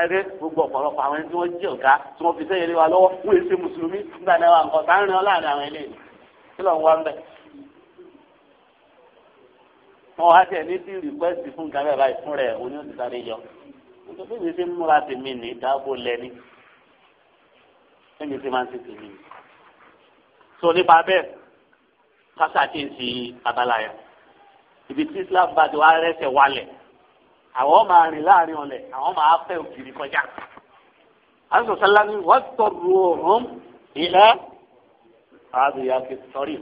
ẹdẹ gbogbo ọ̀pọ̀lọpọ̀ àwọn ẹni tí wọ́n jẹ́ ọ̀gá tí wọ́n fi sẹ́yìn lé wa lọ́wọ́ wọ́n èsè mùsùlùmí nígbà náà wà nǹkan tá ń rìn ọ́ láàrin àwọn ẹlẹ́yìn kí ló ń wá wọn wá tẹ̀ ní tí rìkwẹ́sì fún gàmẹ́ báyìí fún rẹ̀ òun yóò ti sáré yọ nítorí mi ti múra tèmi ní dáàbò lẹ́ni ẹni tí máa ń ti tèmi ní. sọ nípa bẹ́ẹ̀ kásákìsì abala yẹn ibi tí Islam bá ti wá rẹ́sẹ̀ wálẹ̀ àwọn máa rìn láàrin ọ̀lẹ̀ àwọn máa fẹ́ òkìrì kọjá. àṣọ sálámi wọ́n tọrọ ọ̀hún ilẹ̀ àdùyàkẹ́ sọ́rí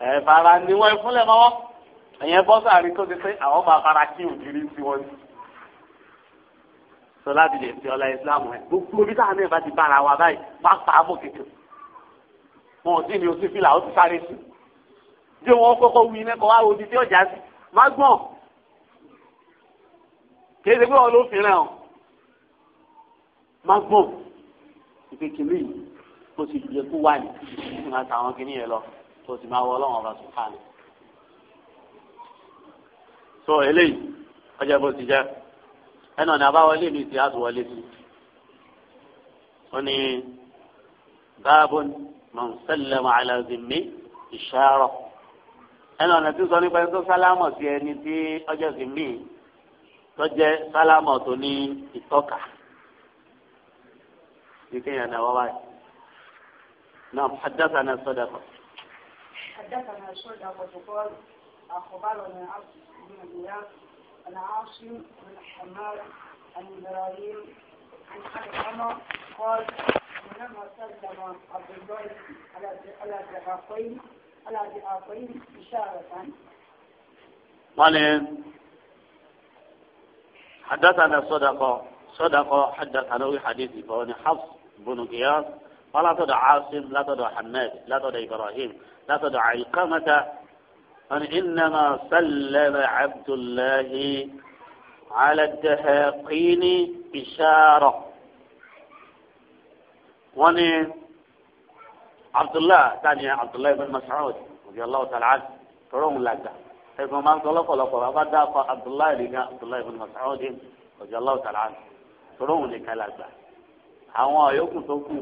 ẹ fara ni wọn fúnlẹ̀ mọ́wọ́ ẹ̀yẹn bọ́ sàárín tó ti pé àwọn máa fara kí ògiri sí wọn. sọ láti lè fi ọlá islam rẹ gbogbo bí táwọn ẹ̀fà ti bára wa báyìí má pa á mọ̀ kékeré wọn ò sí ni oṣù fìlà ó ti sáré sí bí wọn kọ́kọ́ wí iná kọ́ wá odi tí ọjà sí má gbọ́n kì í ṣe pé wọn ló fi rẹ̀ hàn má gbọ́n ìpèkìlì yìí sì yẹ kó wà ní àtàwọn kìnìyàn lọ tó sì máa wọ ọlọ́run ọba sùkánì. so eléyìí ọjọ́ bó ti jẹ́ ẹnu ọ̀nà àbáwọlé mi ti àtúwọlé sí ó ní báàbùn mọ̀nsẹ́lẹ̀mọ̀ aláàzìmí ìṣàrọ̀ ẹnu ọ̀nà tí sọ nípa ẹni tó sálámọ̀ sí ẹni tí ọjọ́ sì mí tó jẹ́ sálámọ̀ tó ní ìtọ́ka ní kéèyàn náà wá báyìí. نعم حدثنا صدقه حدثنا شعبة وقال أخبرنا عبد بن إياس عن عاصم بن حماد عن إبراهيم عن عمر قال إنما سلم عبد الله على على دعاقين على دعاقين إشارة مالين حدثنا صدقة صدقة حدثنا عن حديثي فهو حفص بن قياس wọn látọ̀dọ̀ asim látọ̀dọ̀ hamed látọ̀dọ̀ ibrahim látọ̀dọ̀ alqamata wọn innama sallama abdullahi ala dahaqini ishara wọn ni abdullahi tani abdullahi bin mas'ud radiyallahu ta'ala anhu tọrọ ń lajà ẹ̀gbọ́n máa ń sọ lọ́pọ̀lọpọ̀ bàbá dákọ̀ abdullahi nìkan abdullahi bin mas'ud radiyallahu ta'ala anhu tọrọ ń nìkan lajà àwọn yòókù tó kù.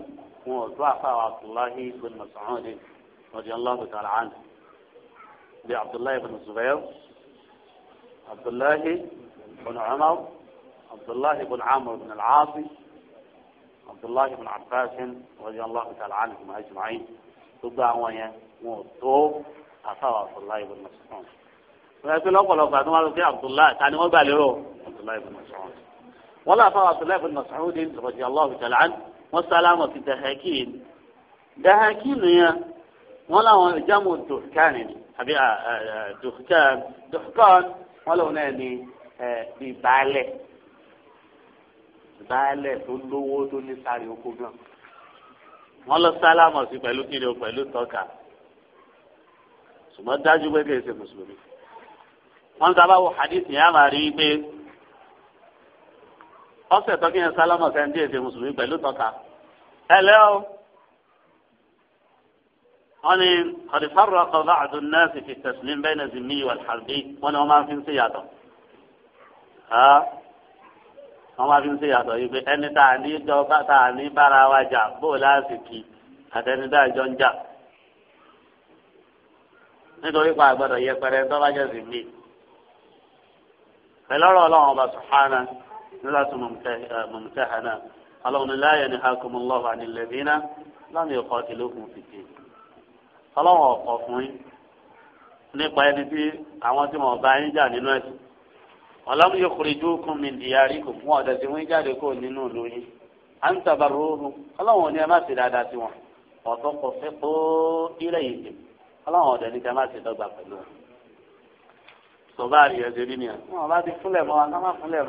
كمو أطلاق عبد الله بن مسعود رضي الله تعالى عنه بعبد الله بن الزبير عبد الله بن عمر عبد الله بن عامر بن العاص عبد الله بن عباس رضي الله تعالى عنهم أجمعين تبع ويا موتو أصاب عبد الله بن مسعود ولكن أقول لك أنا أقول عبد الله تعالى ما بالي عبد الله بن مسعود ولا أصاب عبد الله بن مسعود رضي الله تعالى عنه wọ́n sálámù sí dàhákìn dàhákìn yẹn wọ́n láwọn ìjàmù dùkánì àbí dùkán dùkán wọ́n lòun náà ní ìbálẹ̀ ìbálẹ̀ tó lówó tó ní sáré oko gan wọ́n lọ sálámù sí pẹ̀lú kíni o pẹ̀lú tọ́ka ṣùgbọ́n dájú pé kì í ṣe mùsùlùmí wọ́n sábà wọ hadith yẹn a máa rí i pé ọ̀sẹ̀ tó kí yẹn sálámọ̀ sẹ́ńdí èdè mùsùlùmí pẹ̀lú tọ́ka ẹ lẹ́ o wọ́n ní kọ̀dífàrọ̀ ọ̀bá àdúnnà sì fi tẹ̀sùmí bẹ́ẹ̀ ní mi wà tàbí wọ́n ní wọ́n máa fi ń ṣèyàtọ̀ wọ́n máa fi ń ṣèyàtọ̀ yìí pé ẹni tá a ní dọ́gba tá a ní bára wa jà bó láti kì àtẹni tá a jọ ń jà nítorí pa àgbàdo yẹpẹrẹ tó bá jẹ́ sí mi pẹ̀lú ọ̀rọ̀ ọlọ́run ọba sùhánà. سورة ممتحنة اللهم لا ينهاكم الله عن الذين لم يقاتلوكم في الدين ọlọ́run ọ̀pọ̀ fún yín nípa ẹni tí àwọn tí wọ́n bá yín jà nínú ẹ̀sìn ọlọ́run mi dìyàrí kò fún ọ̀dọ̀ tí wọ́n jáde kó nínú ìlú yín à ń tabarò oorun ọlọ́run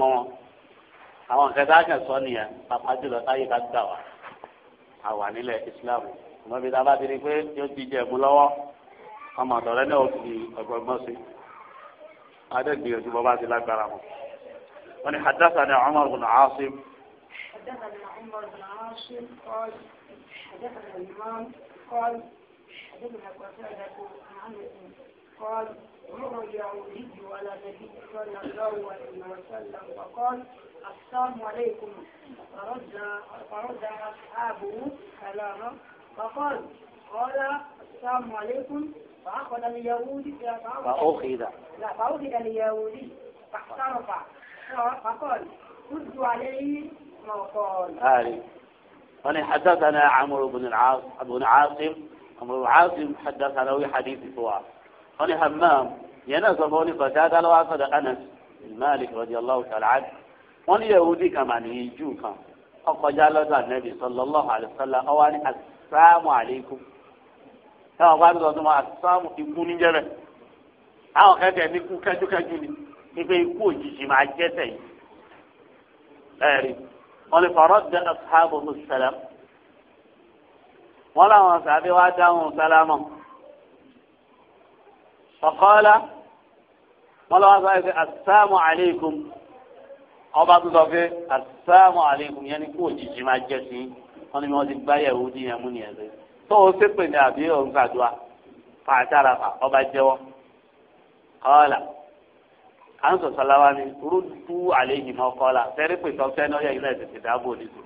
ò àwọn nǹkan tá a kàn sọ nìyẹn pàpà jùlọ táyé ká gbà wá àwà nílẹ̀ Islam ìmọ̀ bíi tá a bá ti rí i pé yóò ti jẹ ẹ̀mú lọ́wọ́ ọmọ ọ̀dọ̀rẹ́ náà ó fi ọgbọ̀ngbọ́n sí adẹ́gbìyànjú bọ́ bá ti lágbára mọ́. wọ́n ní hadathana Umar bin Asim. hadathana Umar bin Asim qala hadathana Imam qala hadathana مرج النبي على نبي صلى الله عليه وسلم وقال السلام عليكم فرد فرد أصحابه كلامه فقال قال السلام عليكم فأخذ اليهودي فأخذ لا فأخذ اليهودي فاحترق فقال رد عليه ما قال آه. أنا حدثنا عمرو بن العاص بن عاصم عمرو بن عاصم حدثنا حديث سواء wọ́n ní hammam yẹn náà sọ fún ní kọjá dálọ́wọ́ sọ̀dọ̀ anas malik radiyallahu ta'ala anhu wọ́n ní yahudi kan mà ní jù kan ọkọjá lọ́dọ̀ anabi sallallahu alayhi wa sallam ọwọ́ ní asalaamu alaykum táwọn bá ń sọ fún wa asalaamu ikú níjẹ́rẹ́ àwọn kẹ́kẹ́ ní kú kẹ́júkẹ́jú ni ife ikú òjijì máa jẹ́ sẹ́yìn ẹ̀rí wọ́n lè fọ̀rọ̀ dẹ ashabu sẹlẹm wọ́n làwọn sàbí wa dáhùn sálámù fọkọ́lá wọn lọ́wọ́ sọ pé asáàmù aleikum ọba tó sọ pé asáàmù aleikum yẹn ni kó òjijì máa jẹ sí wọn ni wọn ti gbá yẹ̀wò ní ẹ̀mú ni ẹ̀sẹ̀ tó o ṣépè ní àbí òun kàdúrà fàtàrà fà ọba jẹ́wọ́ kọ́lá anso salawa ni rudu alehi ma kọla sẹri pe tọfẹ n'o yẹ ilẹ tètè dáàbò ni tó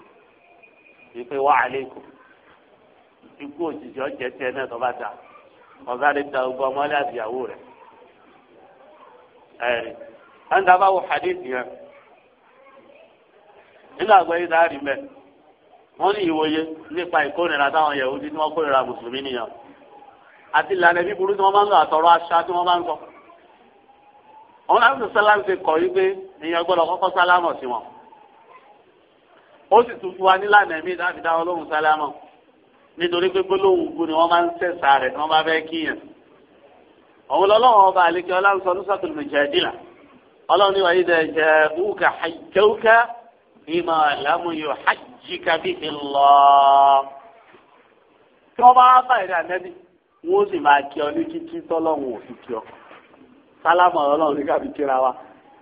ipe wa aleikum ikú òjijì ọjẹ tiẹ náà tọba ta ọ̀gá rẹ̀ da ogun ọmọlẹ́ àtìyàwó rẹ̀ ẹ̀rí ẹ̀ńdà bá wọ hadith yẹn nínú àgbẹ̀yìn tá a rí mẹ́ wọ́n ní ìwòye nípa ìkórìíra táwọn Yẹhudi tí wọ́n kórìíra mùsùlùmí nìyẹn àti ìlànà ẹbí burú tí wọ́n máa ń lọ àtọ̀rọ̀ aṣá tí wọ́n máa ń kọ́ àwọn aláàbò sálám ṣe kọ̀ yí pé èèyàn gbọ́dọ̀ kọ́kọ́ sálámọ̀ sí wọn ó sì tún fún wa nílànà ẹ̀mí ìdáàbí dáwọn olóhùn sálámọ̀ nítorí pé gbólóhùn kú ni wọ́n máa ń sẹ̀sà rẹ̀ ni wọ́n bá fẹ́ kíyàn. òun lọ́lọ́wọ́ ọba àlekẹ́ ọláńsọ lùsàtún mùjàdìlà ọlọ́run níwáyé dẹ̀ jẹ́ ùkà hajjẹ́ùkà ìmọ̀ àlámúyò hajjìkà bí ìlọ. tí wọ́n bá bá ìrìn ànẹ́bí wọ́n sì máa kí ọ ní kíkí tọ́lọ́hùn òfin kí ọ. sálámù ọlọ́run ní kàbí kíra wa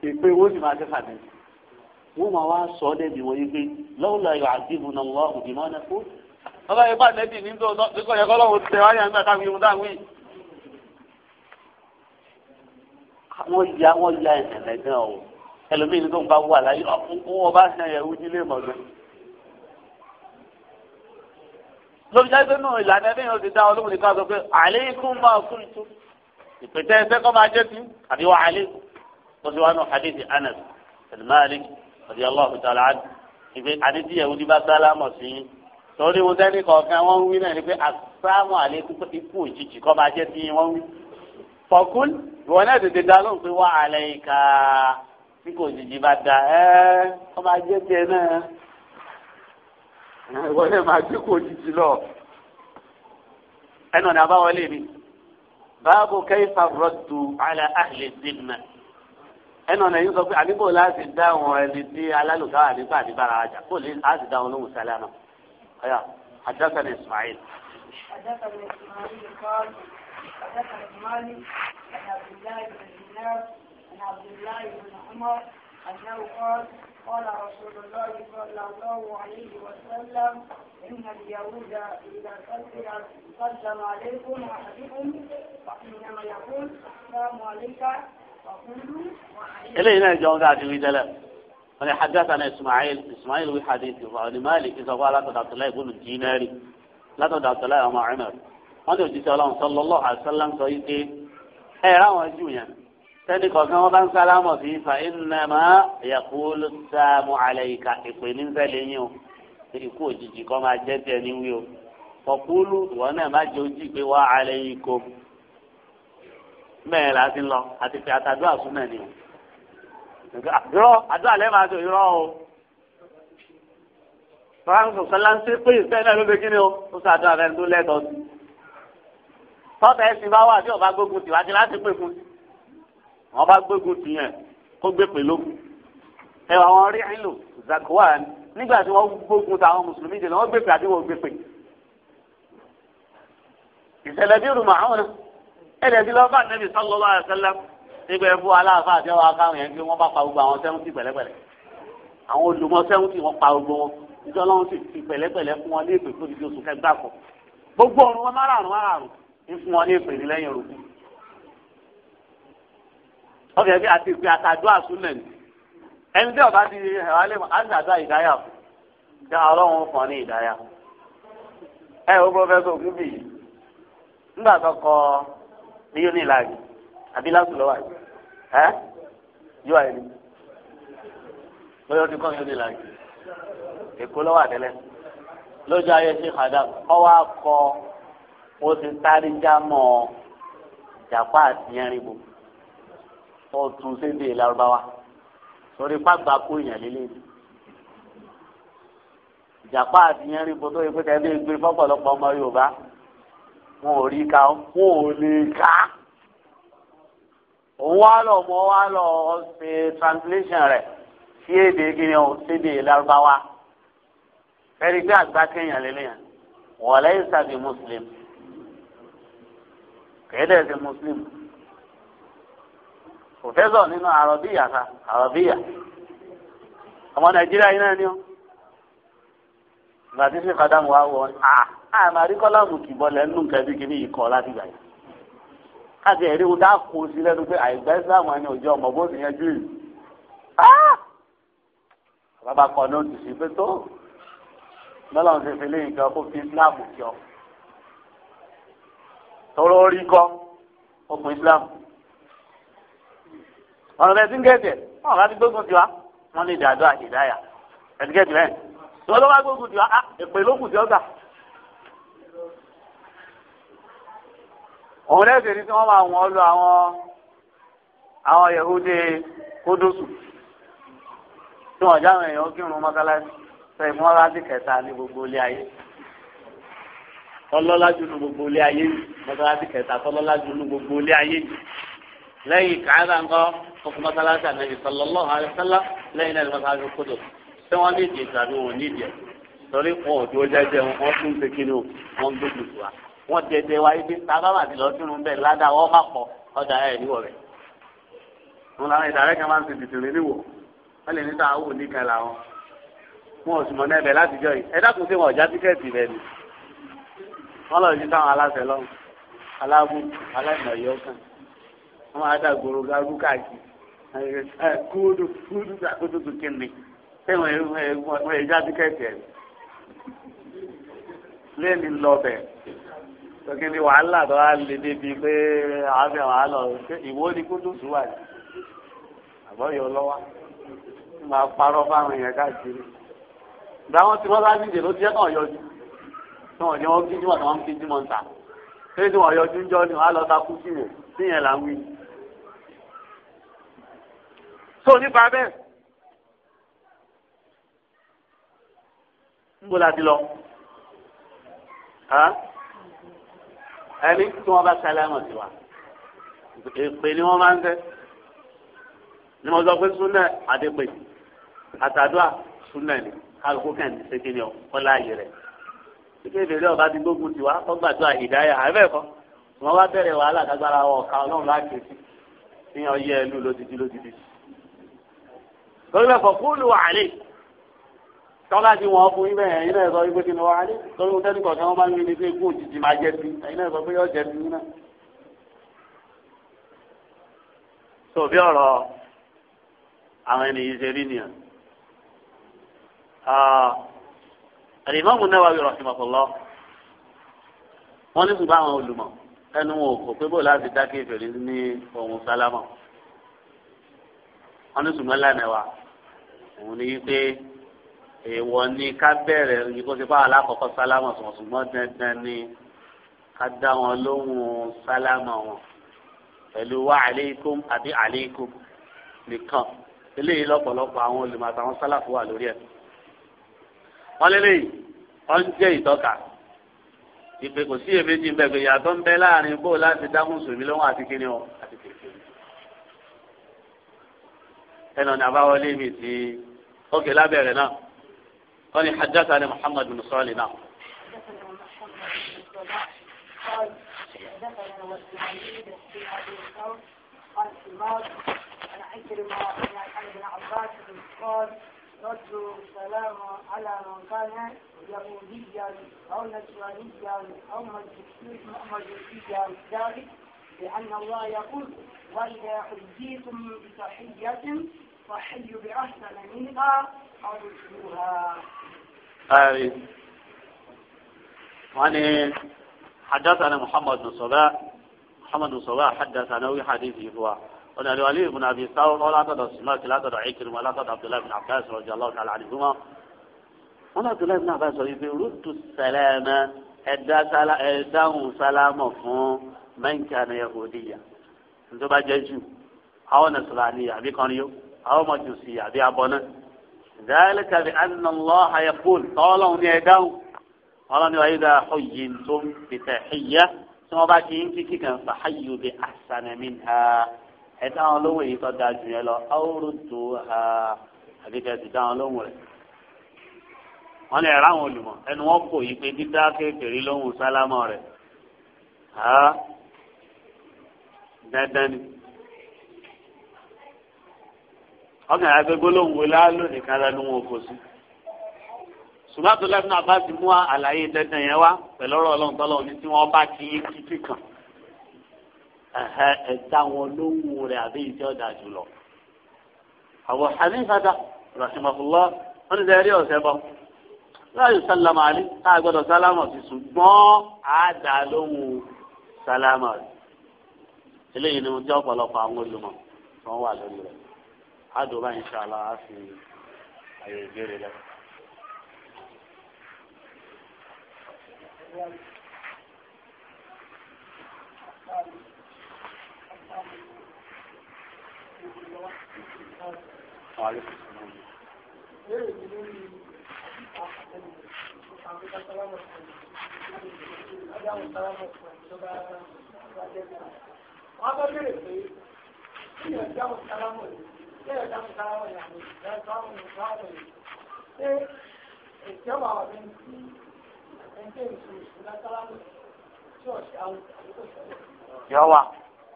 ìpè wọ́n sì máa sẹ́sà nẹ́bí. wọ́n máa wá sọ ọ́ ọlọ́run bá nẹ́bì ní tó kíkọ́ yẹ kọ́lọ́run ti tẹ̀wá yẹn nígbà táwọn ìhun táwọn yìí. wọ́n ya wọ́n ya ìṣẹ̀lẹ̀ náà o ẹlòmíì ní tó ń bá wà láyé wọ́n bá ṣe àyẹ̀wò nílé mọ̀gbẹ́. lóbi jáde nù ìlànà ẹbí yẹn ó ti dá ọlọ́run nìkan sọ pé àléékún máa kún ìtú ìpètè ẹsẹ kọ́ máa jẹ́ sí àbí wà àléékún ó ti wá nù hadithi Anas torí mo sẹ́ni kọ̀ọ̀kan wọ́n ń wí náà ni pé asámù àlékún pé ikú òjijì kọ́ máa jẹ́ bí wọ́n ń wí. fọ̀kún ìwọ náà tètè dá lóhùn pé wà á lẹ́yìn ká tí kò jìjì bá da ẹ́ kọ́ máa jẹ́ bí náà. ìwọ náà máa gbé kò jìjì lọ. ẹnu ọ̀nà àbáwọlé mi báàbò kẹ́hìfà rọ́dù àlà àhlẹ̀ dìnnà ẹnu ọ̀nà yìí sọ pé àdìbò láti dáhùn ẹni tí alálùkáwà nípa àdìbára àjà kó حدثني إسماعيل حدثني إسماعيل قال حدثني مالك عن عبد الله بن دينار عن عبد الله بن عمر أنه قال قال رسول الله صلى الله عليه وسلم إن اليهود إذا قدم عليكم أحدكم فحينما يقول السلام عليك فقولوا وعليكم إلينا الجواب في من حدثنا إسماعيل إسماعيل وحديث عن مالك إذا قال لقد عبد الله بن الدينار لقد عبد الله أم عمر wọ́n ti sọ ọlọ́run sọlọ́lọ́ àṣọlá ń sọ yìí pé ẹ ráwọn jù yẹn sẹ́ni kọ̀ọ̀kan wọn bá ń sálámọ̀ sí fa ìnáma yaqulu sáàmù alayka ìpè ní sẹ́lẹ̀ yín o ikú òjijì kọ́ máa jẹ́ tiẹ̀ níwí o fọ̀kúlù wọn náà má jẹ́ ojú pé wá alaykum mẹ́rin láti lọ àti pé àtàdúrà súnmọ́ ni o. Ah, irọ́ àdúrà lẹ́ẹ̀ máa tó irọ́ o faransé sọláńsé pé ìfẹ́ náà ló fi kí ni o ó sọ àdúrà rẹ̀ tó lẹ́tọ̀ọ́ sí tọ́tà ẹ̀sìn bá wà tí ọba gbógun tì wá ti láti pè fún wọn bá gbógun tì yẹn kó gbé pèlú ẹwà wọn rí ìlú zakuwa nígbà tí wọn gbógun tà àwọn mùsùlùmí jẹ wọn gbé pè àti wọn gbé pè ìṣẹ̀lẹ̀ bí rùmọ àwọn ẹlẹbi nígbà ẹ̀fọ́ aláàfáà àti ọwọ́ akáwọn yẹn gbé wọ́n bá pa gbogbo àwọn sẹ́wọ́ntì pẹ̀lẹ́pẹ̀lẹ́ àwọn olùmọ sẹ́wọ́ntì wọ́n pa gbogbo wọn ìjọ lọ́wọ́n sì fi pẹ̀lẹ́pẹ̀lẹ́ fún wọn ní èpè fún ìdí oṣù kẹgbà kan gbogbo ọ̀run wọn márààrún márààrún ń fún wọn ní èpè ní lẹ́yìn òrùkú. ọkẹ́ bí àti ìpè àtàdúrà súnlẹ̀ ni ẹni tí ọba ti ẹ̀wá lé àdàdà ìdáyà fún ọlọ́run fún ní ìdáyà ẹ o pọfẹsọ ògúnbì yìí ńgbà tó kọ ní yóní làgì àbí lásùlọ́wà yìí ẹ yóò àyè ni bóyá ọdún kan yóò di làǹkì èkó lọ́wọ́ àtẹ́lẹ́ lójú ayé ṣe kàdá ọwọ́ akọ ó ti sáré jámọ́ jàpá àti yẹnrìnbó ó tún sédè lárúbáwá torí pàgbà kó èèyàn lélẹ̀ jàpá àti yẹnrìnbó tó yẹ pé tẹ́lẹ̀ gbé fọ́pọ̀lọpọ̀ ọmọ Yorùbá wọn ò rí ká wọn ò lè ká òun wá lọ mọ wá lọ ṣe translation rẹ sí èdè gíní o síbi lárúbáwá fẹ́rí pé àgbà kéèyàn lélẹ́yìn wọ́n lẹ́yìn sábì muslim kéèdè ṣe muslim professor nínú arabiya ta arabiya ọmọ nàìjíríà yìí náà ni ó gbàdúrà sí fadamu wa wọ ah, a àmàrí kọ́lá mùkìbọ́ lẹ́nu nǹkan bí kíní yìí kọ́ láti gbà yìí káàkiri ẹ̀rí wo dáa kó sí lẹ́nu pé àìgbà ìsìlámù ẹni òjò ọmọ bó ti yẹn jù yìí. Ah! bàbá kan ní oṣù sí pé tó lọ́lọ́ ṣe fi léyìn kan kó fi ìsìlámù kí ọ. tọrọ orí kọ okùn ìsìlámù. ọ̀nà bẹ́ẹ̀ tí ń gẹ̀ẹ́tẹ̀ wọn kà ti gbógun tiwa wọn lè dàdó àdìdáyà ẹ̀ ti gẹ̀ẹ́tẹ̀ bẹ́ẹ̀ tí wọn lọ́wọ́ gbógun tiwa ah! èpè ló kù tí ó òun lẹ́sẹ̀ ní tí wọ́n máa wọ́n lọ àwọn àwọn Yahudi kódósù tí wọ́n jáwé èèyàn kírun mọ́sálásí sọ ìmọ̀láṣí kẹta ní gbogbo ilé ayé tọ́lọ́lájú ní gbogbo ilé ayé mọ́sálásí kẹta tọ́lọ́lájú ní gbogbo ilé ayé lẹ́yìn káyọ̀dá ńkọ́ fún mọ́sálásí ànábì sallallahu alaihi wasallam lẹ́yìn náà ní mọ́sálásí kódò tí wọ́n ní ìdí ìtàbí wọn wọ́n dẹ̀dẹ̀ wa ibi sábàbà ti lọ sínú bẹ́ẹ̀ ládà wọ́n má pọ̀ ọjà ẹ̀ níwọ̀ rẹ̀. wọn làwọn ìdàrẹ́ kan máa ń tètè tèrè níwọ̀ wọ́n lè ní sáà wò ní kan làwọn. wọn ò sì mọ̀ náà bẹ̀ láti jọ yìí ẹ dákun sí wọn ọ̀já tíkẹ́ẹ̀tì rẹ ni. wọ́n lọ sí táwọn aláṣẹ lọ́rùn aláàbù aláìmọ̀yọ́ kan wọ́n máa dàgbòrò gárú káàkiri kúrúdù kúrúdù àkótótó kínní ẹ̀wọ̀n ẹ̀wọ̀n ẹ̀já tíkẹ́ẹ̀tì rẹ̀ lẹ́ni lọ́bẹ̀ẹ́ tọ́kí wàhálà tó wá lè débi pé àbẹ̀ wàhálà ṣé ìwọ ni kó tó sùn wà ní àbọ̀yọ̀ lọ́wọ́ máa parọ́ fáwọn èèyàn káàkiri ìgbà wọn tí wọ́n bá níjè ló ti yẹ kàn yọjú tí wọ́n ní wọ́n kí jùmọ̀ tí wọ́n kí jùmọ̀ ta ṣé tí wọ́n yọjú ń jọ ni wọ́n á lọ takú sí wò síyẹn là ń wí. so nípa bẹ́ẹ̀ ń bo la lọ. Huh? ẹni tí wọn bá sálámù sí wa èpè ni wọn máa ń tẹ ni mo sọ pé súnà àdépè àtàdúà súnà ni kálukú kẹ́hìn ṣe kí ni ọ kọ́lá ayé rẹ̀ kíkẹ́ ìbéèrè ọba ti gbógun ti wa ọgbàdúà ìdáyà àbẹ́ kọ́ wọn wá bẹ̀rẹ̀ wàhálà kágbára wọn ọ̀ka ọlọ́run láti fi fi hàn yẹ ẹnu lódìdí lódìdí. lórí ẹ̀fọ́ kúlù wàhálì tọ́lá ti wọ́n fún ibẹ̀ ẹ̀yin náà sọ wípé kí ni wọ́n á ní torí wọn tẹ́lifọ̀ kí wọ́n ń rí ni pé kú òjijì máa jẹ sí ẹ̀yin náà sọ pé yóò jẹ sí yín náà. so bí ọ̀rọ̀ àwọn ènìyàn ṣe rí nìyẹn. Al-Imam An-Nawawi rahimahullah wọ́n ní ṣùgbọ́n àwọn olùmọ̀ ẹnu wọn kò pé bò láti dákẹ́ ìfèrè ní ohun sálámọ̀ wọ́n ní ṣùgbọ́n lánàá wa òun ní wípé èèwọ̀ ni ká bẹ̀rẹ̀ yìí kó ti pa alákọ̀ọ́kọ́ sálámà sọ̀rọ̀ ṣùgbọ́n dandan ni ká dá wọn lóhùn sálámà wọn pẹ̀lú wa aleikum àbí aleikum nìkan eléyìí lọ́pọ̀lọpọ̀ àwọn olùmọ̀ àtàwọn sálàfù wà lórí ẹ̀. wọ́n léléyìí wọ́n jẹ́ ìtọ́ka ìpè kò sí èméjì ń bẹ̀ pé yàtọ̀ ń bẹ láàrin bó láti dá mùsùlùmí lóhùn àti kíni wọn àti kékeré. ẹnu ọ̀nà àbáwọlé mi ti ókè lábẹ́rẹ̀ náà. قال حدثنا محمد بن صالح نعم قال حدثنا والسعيد بن ابي ثور قال سماك عن عكرمه عن ابن عباس قال ردوا السلام على من كان يهوديا او نصرانيا او مجوسيا ذلك لان الله يقول واذا حييتم بتحيه فحيوا باحسن منها او ردوها أي يعني حدثنا محمد بن صلاح محمد بن صلاح حدثنا في حديثه هو قال علي بن أبي ثور ولا تدع سماك لا تدع عكرمة ولا تدع عبد الله بن عباس رضي الله تعالى عنهما قال عبد الله بن عباس يرد السلام أداه سلام فون من كان يهوديا أنتم بجاجوا أو نصرانية أبي كانوا أو مجوسية أبي أبونا ذلك بأن الله يقول طالوا نيداو قال وإذا حينتم بتحية ثم بعد باكين كان فحيوا بأحسن منها حتى لو يتدى جميلا أو ردوها هذه تدى لهم wọ́n lè ráwọn olùmọ̀ ẹnu wọn kò yí pé dídá kékeré lóhùn sálámọ̀ rẹ̀ dandan ni ọkàn yà pé gbólóhùn wo láàlú nìkan lẹnu wọn kò sí. ṣùgbọ́n tó lẹ́nu àbá ti mú àlàyé dandan yẹn wá pẹ̀lú ọ̀rọ̀ ọlọ́run tọ́lọ́run ní tí wọ́n bá ti yín títí kan. ẹ̀dá wọn ló ń wo rẹ̀ àbí ìjọ dà jùlọ. Abu Hanifa rahimahullah wọn ní rí ọ̀sẹ̀ bọ́. láàyè sálámà rí káà gbọ́dọ̀ sálámà sí ṣùgbọ́n àdá lóhùn sálámà rí. eléyìí ni mo jẹ́ ọ̀pọ̀lọpọ̀ àwọn olùmọ̀ wọn wà lórí rẹ̀ àdùbà ìṣàlá á fi àyè ìbéèrè lẹ. Wọ́n á bá bèrè pé kí ni ọjọ́ àwọn sálámù yìí? yọwa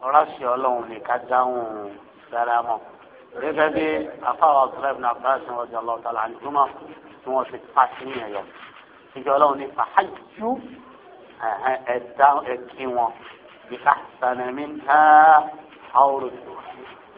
ọlọsì Ọlọ́run ní ká dáhùn sálámọ gẹ́gẹ́ bí afáwọn ọsùlẹm náà bá sọ ọjà lọtàlá àdúmọ tí wọn ti pa sí yẹn yọ ìjọ Ọlọ́run ní fàájú ẹdá ẹkí wọn bí ká sànẹmí ká àwòrán tó wà.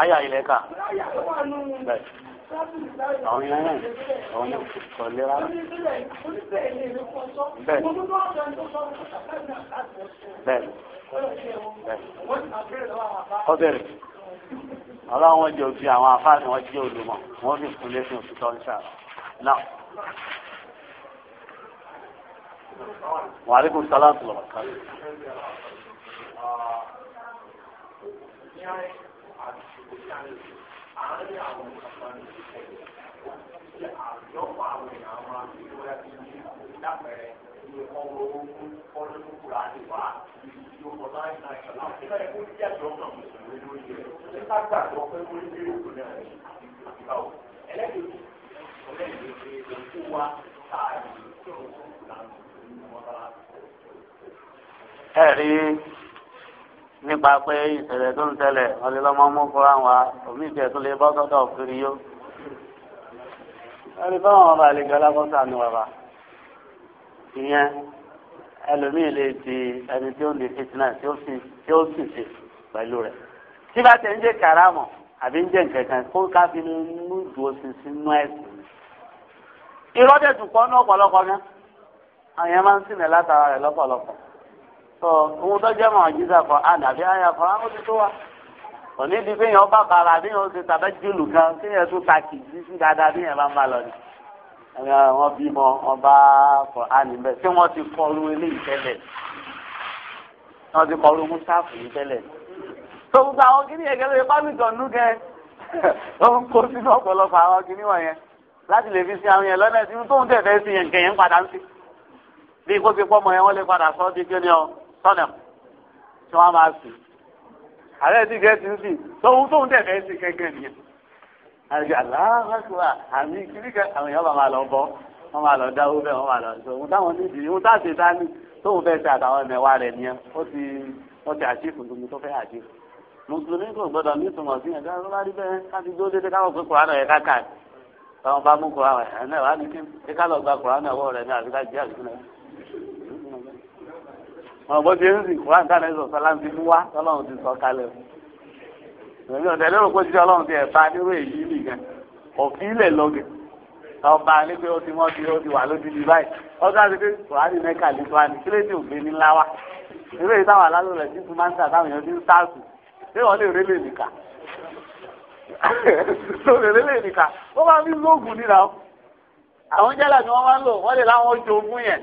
àyà ilẹ̀ kà àwọn yẹn náà àwọn yẹn kò lè rárá bẹ́ẹ̀ bẹ́ẹ̀ bẹ́ẹ̀ ọbẹ̀rẹ̀ ọlọ́run wọn jẹ́ òbí àwọn afáàní wọn jẹ́ olùmọ̀ wọn fi kún lẹ́sìn oṣù tó ń sà náà. wàhálà kò sálà tó lọ ẹlẹ́gbẹ̀ẹ́ nípa pé ìṣẹ̀lẹ̀ tó ń ṣẹlẹ̀ wọ́n lè lọ́mọ mú fúra wa omi ìṣẹ̀ tó lè bọ́ sọ́dọ̀ kiri yó. wọ́n lè fẹ́ wọn bá lè gbé alákọ̀ọ́sà ní bàbá. ìyẹn ẹlòmíì lè di ẹni tí ó ní fitinà tí ó sì ṣe pẹ̀lú rẹ̀. tí bá tẹ̀ ń jẹ́ kàrámọ̀ àbí ń jẹ́ nkẹ̀kẹ́ kó ká fi ní inú ìdúró sí sínú ẹ̀sìn. ìrọ́jẹ̀ tún pọ̀ ní ọ̀pọ̀lọpọ̀ sọ ohun tó jẹ́ mọ̀ kan àdàbí àyà kan á mójú tó wa òní di fi yàn bá bàrà bí yàn ṣe tàbí jùlù kan kí yàn tún ta kì í sí dáadáa bí yàn bá ń bá lọ ni. wọ́n bímọ wọ́n bá kọ àní bẹ́ẹ̀ tí wọ́n ti kọrú eléyìí tẹ́lẹ̀ wọ́n ti kọrú mùsáàfù yìí tẹ́lẹ̀. tó gbogbo àwọn kìnìún yẹn kẹlẹ́ bá mi dọ̀nù kẹ ó ń kó sínú ọ̀pọ̀lọpọ̀ àwọn kìnìún wọ̀nyẹn láti lè fi sin àwọn yẹn lọ́nà tí tóun tẹ̀ fẹ́ sin yẹn kẹ̀yìn padà ń sí bí kó ti pọ́ mọ́ yẹn wọ́n lè padà sọ́ sọ́nà tí wọ́n máa sùn ààrẹ ti gẹ́ ti ń sìn tóun tóun dẹ̀ fẹ́ sí gẹ́gẹ́ nìyẹn àti mùsùlùmí kò gbọdọ̀ ní ìtumọ̀ sí ẹ̀dá ló bá rí bẹ́ẹ̀ káti dúró dédé káwọn pé kùránù ẹ̀ káka táwọn bá mú kùránù ẹ̀ náà wà ní kí ká lọ gba kùránù ọwọ́ rẹ̀ ní àbíká jẹ́ àbíká wọn bó ti ń sìn wá nǹkan ẹ̀sọ̀ ti mú wá ọlọ́run ti sọ kalẹ̀ fún mi ọ̀tẹ̀ lérò pé ti ọlọ́run ti ẹ̀fà nírú èyí nìkan òfin ilẹ̀ lọ́gẹ̀ ọba ní ó ti mọ́ ti ó ti wà lójijì báyìí ọjọ́ àti pé buhari mẹ́ka lè tó àní kílẹ̀ tí ní ńlá wa irú èyí táwọn alálò rẹ̀ ti máa ń tà táwọn èèyàn ti ń sáàsù ṣé wọ́n lè rélé nìkà tó lè rélé nìkà wọ́n máa ń fi lóògùn nínú àwọn jẹ́lá ni wọ́n máa ń lò wọ́n lè láwọn ojú yẹn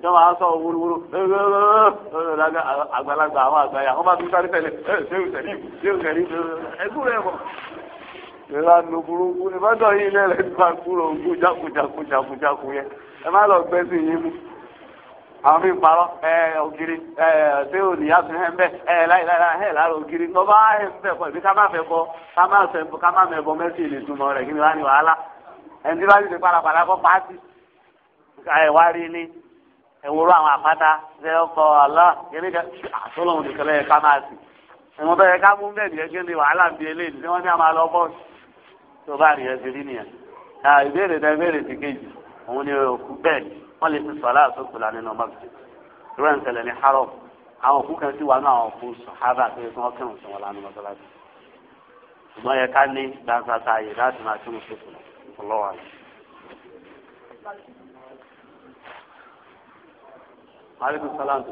tí wọ́n máa sọ wúruwúru àgbàlagbà àwọn àgbàyà wọ́n máa tún sáré tẹ̀lé ṣéwù tẹ̀lé ṣéwù àwọn ẹ ògiri ẹ ṣé o fi ẹ láì lára ògiri tó bá hẹ́ mbẹ́ ká má ká má kí ni wàá ní wàhálà bá ti kọ ẹ wá rí ni. ẹwúrọ àwọn àpáta ṣe ọkọ ọlọ eré kan àtọlọhùn nìkan lẹ́yìn ká máa sì ẹwọn bẹ̀rẹ̀ ká mú bẹ́ẹ̀ nìyẹn kéde wàhálà bíi eléyìí tí wọn ní àmà lọ bọ tó bá nìyẹn ti rí nìyẹn náà ìbéèrè náà ìbéèrè ti kejì òun ni òkú bẹ́ẹ̀ wọn lè fi sọlá àtọkùlà nínú mọbìtì ìrọ ìṣẹ̀lẹ̀ ní harrow àwọn òkú kan sì wà ní àwọn òkú sọhábà pé kí wọn kírun aleykum salaam.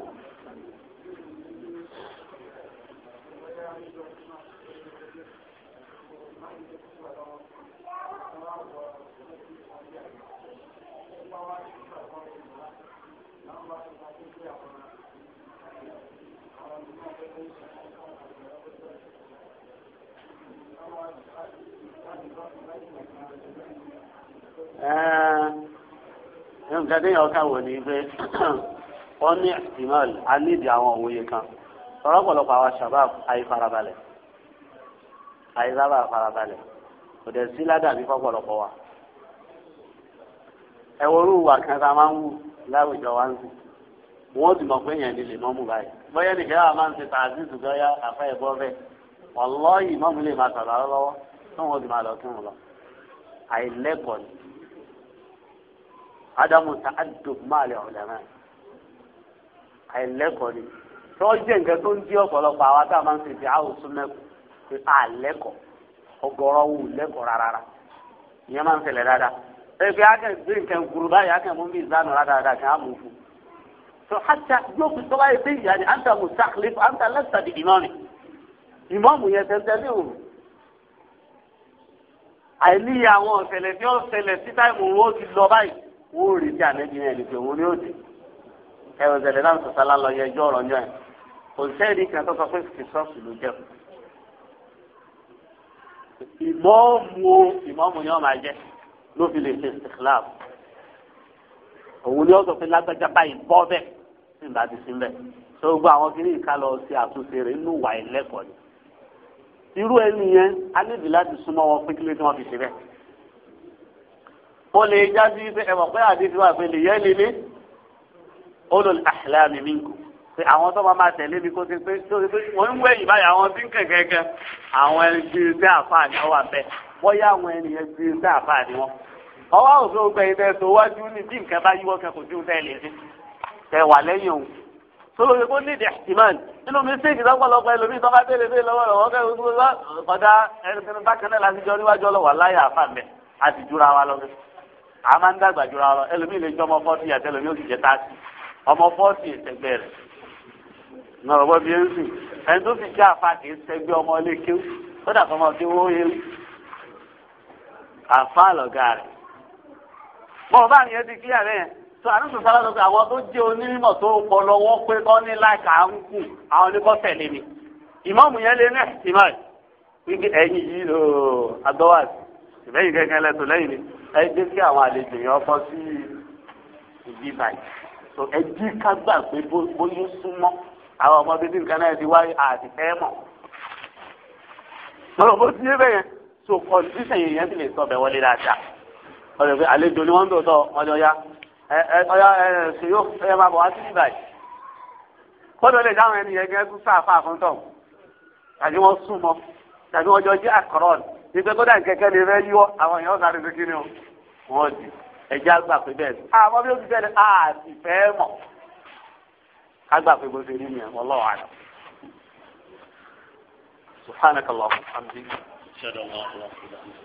Eh, nǹkan tí yàn ká wò ní pé wọ́n ní ìmọ̀l a nídìí àwọn òwòye kan ọ̀rọ̀pọ̀lọpọ̀ àwọn shabab àìfarabalẹ̀ àìsábà farabalẹ̀ kò dẹ̀ sí ládàbí fọ́pọ̀lọpọ̀ wa. ẹ wo orú wa kan tá a máa ń wù láwùjọ wa ń sìn wọ́n ti mọ̀ pé yẹn ni lè mọ́ mú báyìí bóyá nìkan àwọn máa ń ṣe tààzí ṣùgbọ́n yá àfẹ́ ẹ̀bọ́ fẹ́ wàlọ́ọ̀yì mọ́mú lè máa sọ̀rọ̀ lọ́wọ́ tó wọn ti máa lọ kí wọn lọ àìlẹ́kọ̀ọ́ ni ádámù ta àdùn máa lè ọ̀lẹ́mẹ́rin. àìlẹ́kọ̀ọ́ ni nǹkan tó ń dí ọ̀pọ̀lọpọ̀ àwa tá a máa ń tètè àwòsùn mẹ́kù pé àlẹ́kọ̀ọ́ ọgọ́rọ̀ wù lẹ́kọ̀ọ́ rárá ìyẹn máa ń tẹ̀lé dáadáa ebi akẹ́ nǹkan gùrù báyìí akẹ́ mú ìzánu rárá kan á mú fún tó hàtà yóò fi tọ́lá yìí bẹ́ẹ̀ yàrá àǹtà mú sàkìlẹ́fù àǹtà lẹ́sà dìdì náà ni ẹ̀rọ ìṣẹ̀lẹ̀ náà sọ̀sọ́ lálọ́ yẹjú ọ̀rọ̀ yẹn ẹ̀ kò sẹ́ẹ̀dì kan tó sọ pé kìsọ́ọ̀sì ló jẹ́ ìmọ̀ọ́mù ìmọ̀ọ́mù yẹn máa jẹ́ ló fi lè ṣe ìsìkìláàbù òun ni ó sọ pé lágbájá báyìí bọ́ bẹ́ẹ̀ sì ń bá ti sí bẹ́ẹ̀ tó gbọ́ àwọn kiri ìka lọ sí àtúnṣe rẹ̀ nínú wà ẹlẹ́kọ̀ọ́ ni irú ẹni yẹn a níbi láti súnmọ́ wọn pé kílé tí wọ́n fi ṣe bẹ́ẹ̀. ó lè jáde ẹ̀wọ̀n pé àdéhùn àgbélé yẹn lè ní olùl àhìlámi minkum pé àwọn tó máa máa tẹ̀lé mi kó ti pé sórí pé wọ́n ń wẹ̀yìn báyìí àwọn tí ń kẹ̀kẹ́ kan àwọn ẹni tí ṣe àfààní ọwọ́ abẹ bóyá àwọn ẹni yẹn ti ṣe àfààní wọn. ọwọ́ òfin ògbà yìí tẹ́ tó wájú ní bí nǹkan bá yíwọ́ kẹ́kọ̀ ojú tẹ́ lè ṣe tẹ wà lẹ́yìn òun. sọlọ yẹ kó ní ìdí ìtìmáàlì nínú mi sí ìdí lọ́pọ̀lọpọ̀ ẹlòmíì tó bá tẹ̀lé fẹ́ lọ́wọ́ lọ́wọ́ kẹ́ ọmọ fọ́ọ̀tì ìtẹ̀gbẹ́ rẹ̀ nọ̀rọ̀ bọ́ bí ẹ ń sìn ẹni tó fi jẹ́ àfa kì í sẹ́gbẹ́ ọmọ ilé kéwú ó dà fọmọ kí wọ́n yẹ àfa lọ̀gá rẹ̀ mọ̀ ọ́ bá nìyẹn ti kílíà rẹ̀ tó àdúgbò sábà sọ pé àwọn tó jẹ́ onímọ̀ tó pọ̀ lọ́wọ́ pé kọ́ ní láìka ń kù àwọn oníkọ́ tẹ̀lé mi ìmọ̀mù yẹn lé náà ìmọ̀ wípé ẹ̀yìn yìí so ẹ jí ká gbà pé bóyá súnmọ́ àwọn ọmọ bíbí nǹkan náà ti wáyé àti fẹ́ mọ̀ lọ́rọ̀ bó ti yé bẹ́ẹ̀ yẹn so kọ́ndíṣàn yẹn yẹn ti lè sọ bẹ́ẹ̀ wọlé dáadáa wọ́n lè fi àlejò ni wọ́n ń dòótọ́ wọ́n lọ ya ẹ ẹ ọya ẹ ẹ ṣe yóò ẹ máa bọ̀ wá sí ìbàdí kọ́dọ̀ lè dáhùn ẹni yẹn gẹ́gẹ́ sáfà fún tọ̀ tàbí wọ́n súnmọ́ tàbí wọ́n jọ jẹ́ àkọ́rọ́ọ̀nù ìgbẹ́kọ́dà kẹ́kẹ́ lè fẹ́ yíwọ́ àwọn ẹjẹ́ àgbà pé bẹ́ẹ̀ sí. àmọ́ ah, bí ó ti bẹ̀rẹ̀ àti ah, fẹ́ mọ̀ àgbà pé bó ṣe rí nìyẹn wọ́n àná. سبحانك اللهم وبحمدك اشهد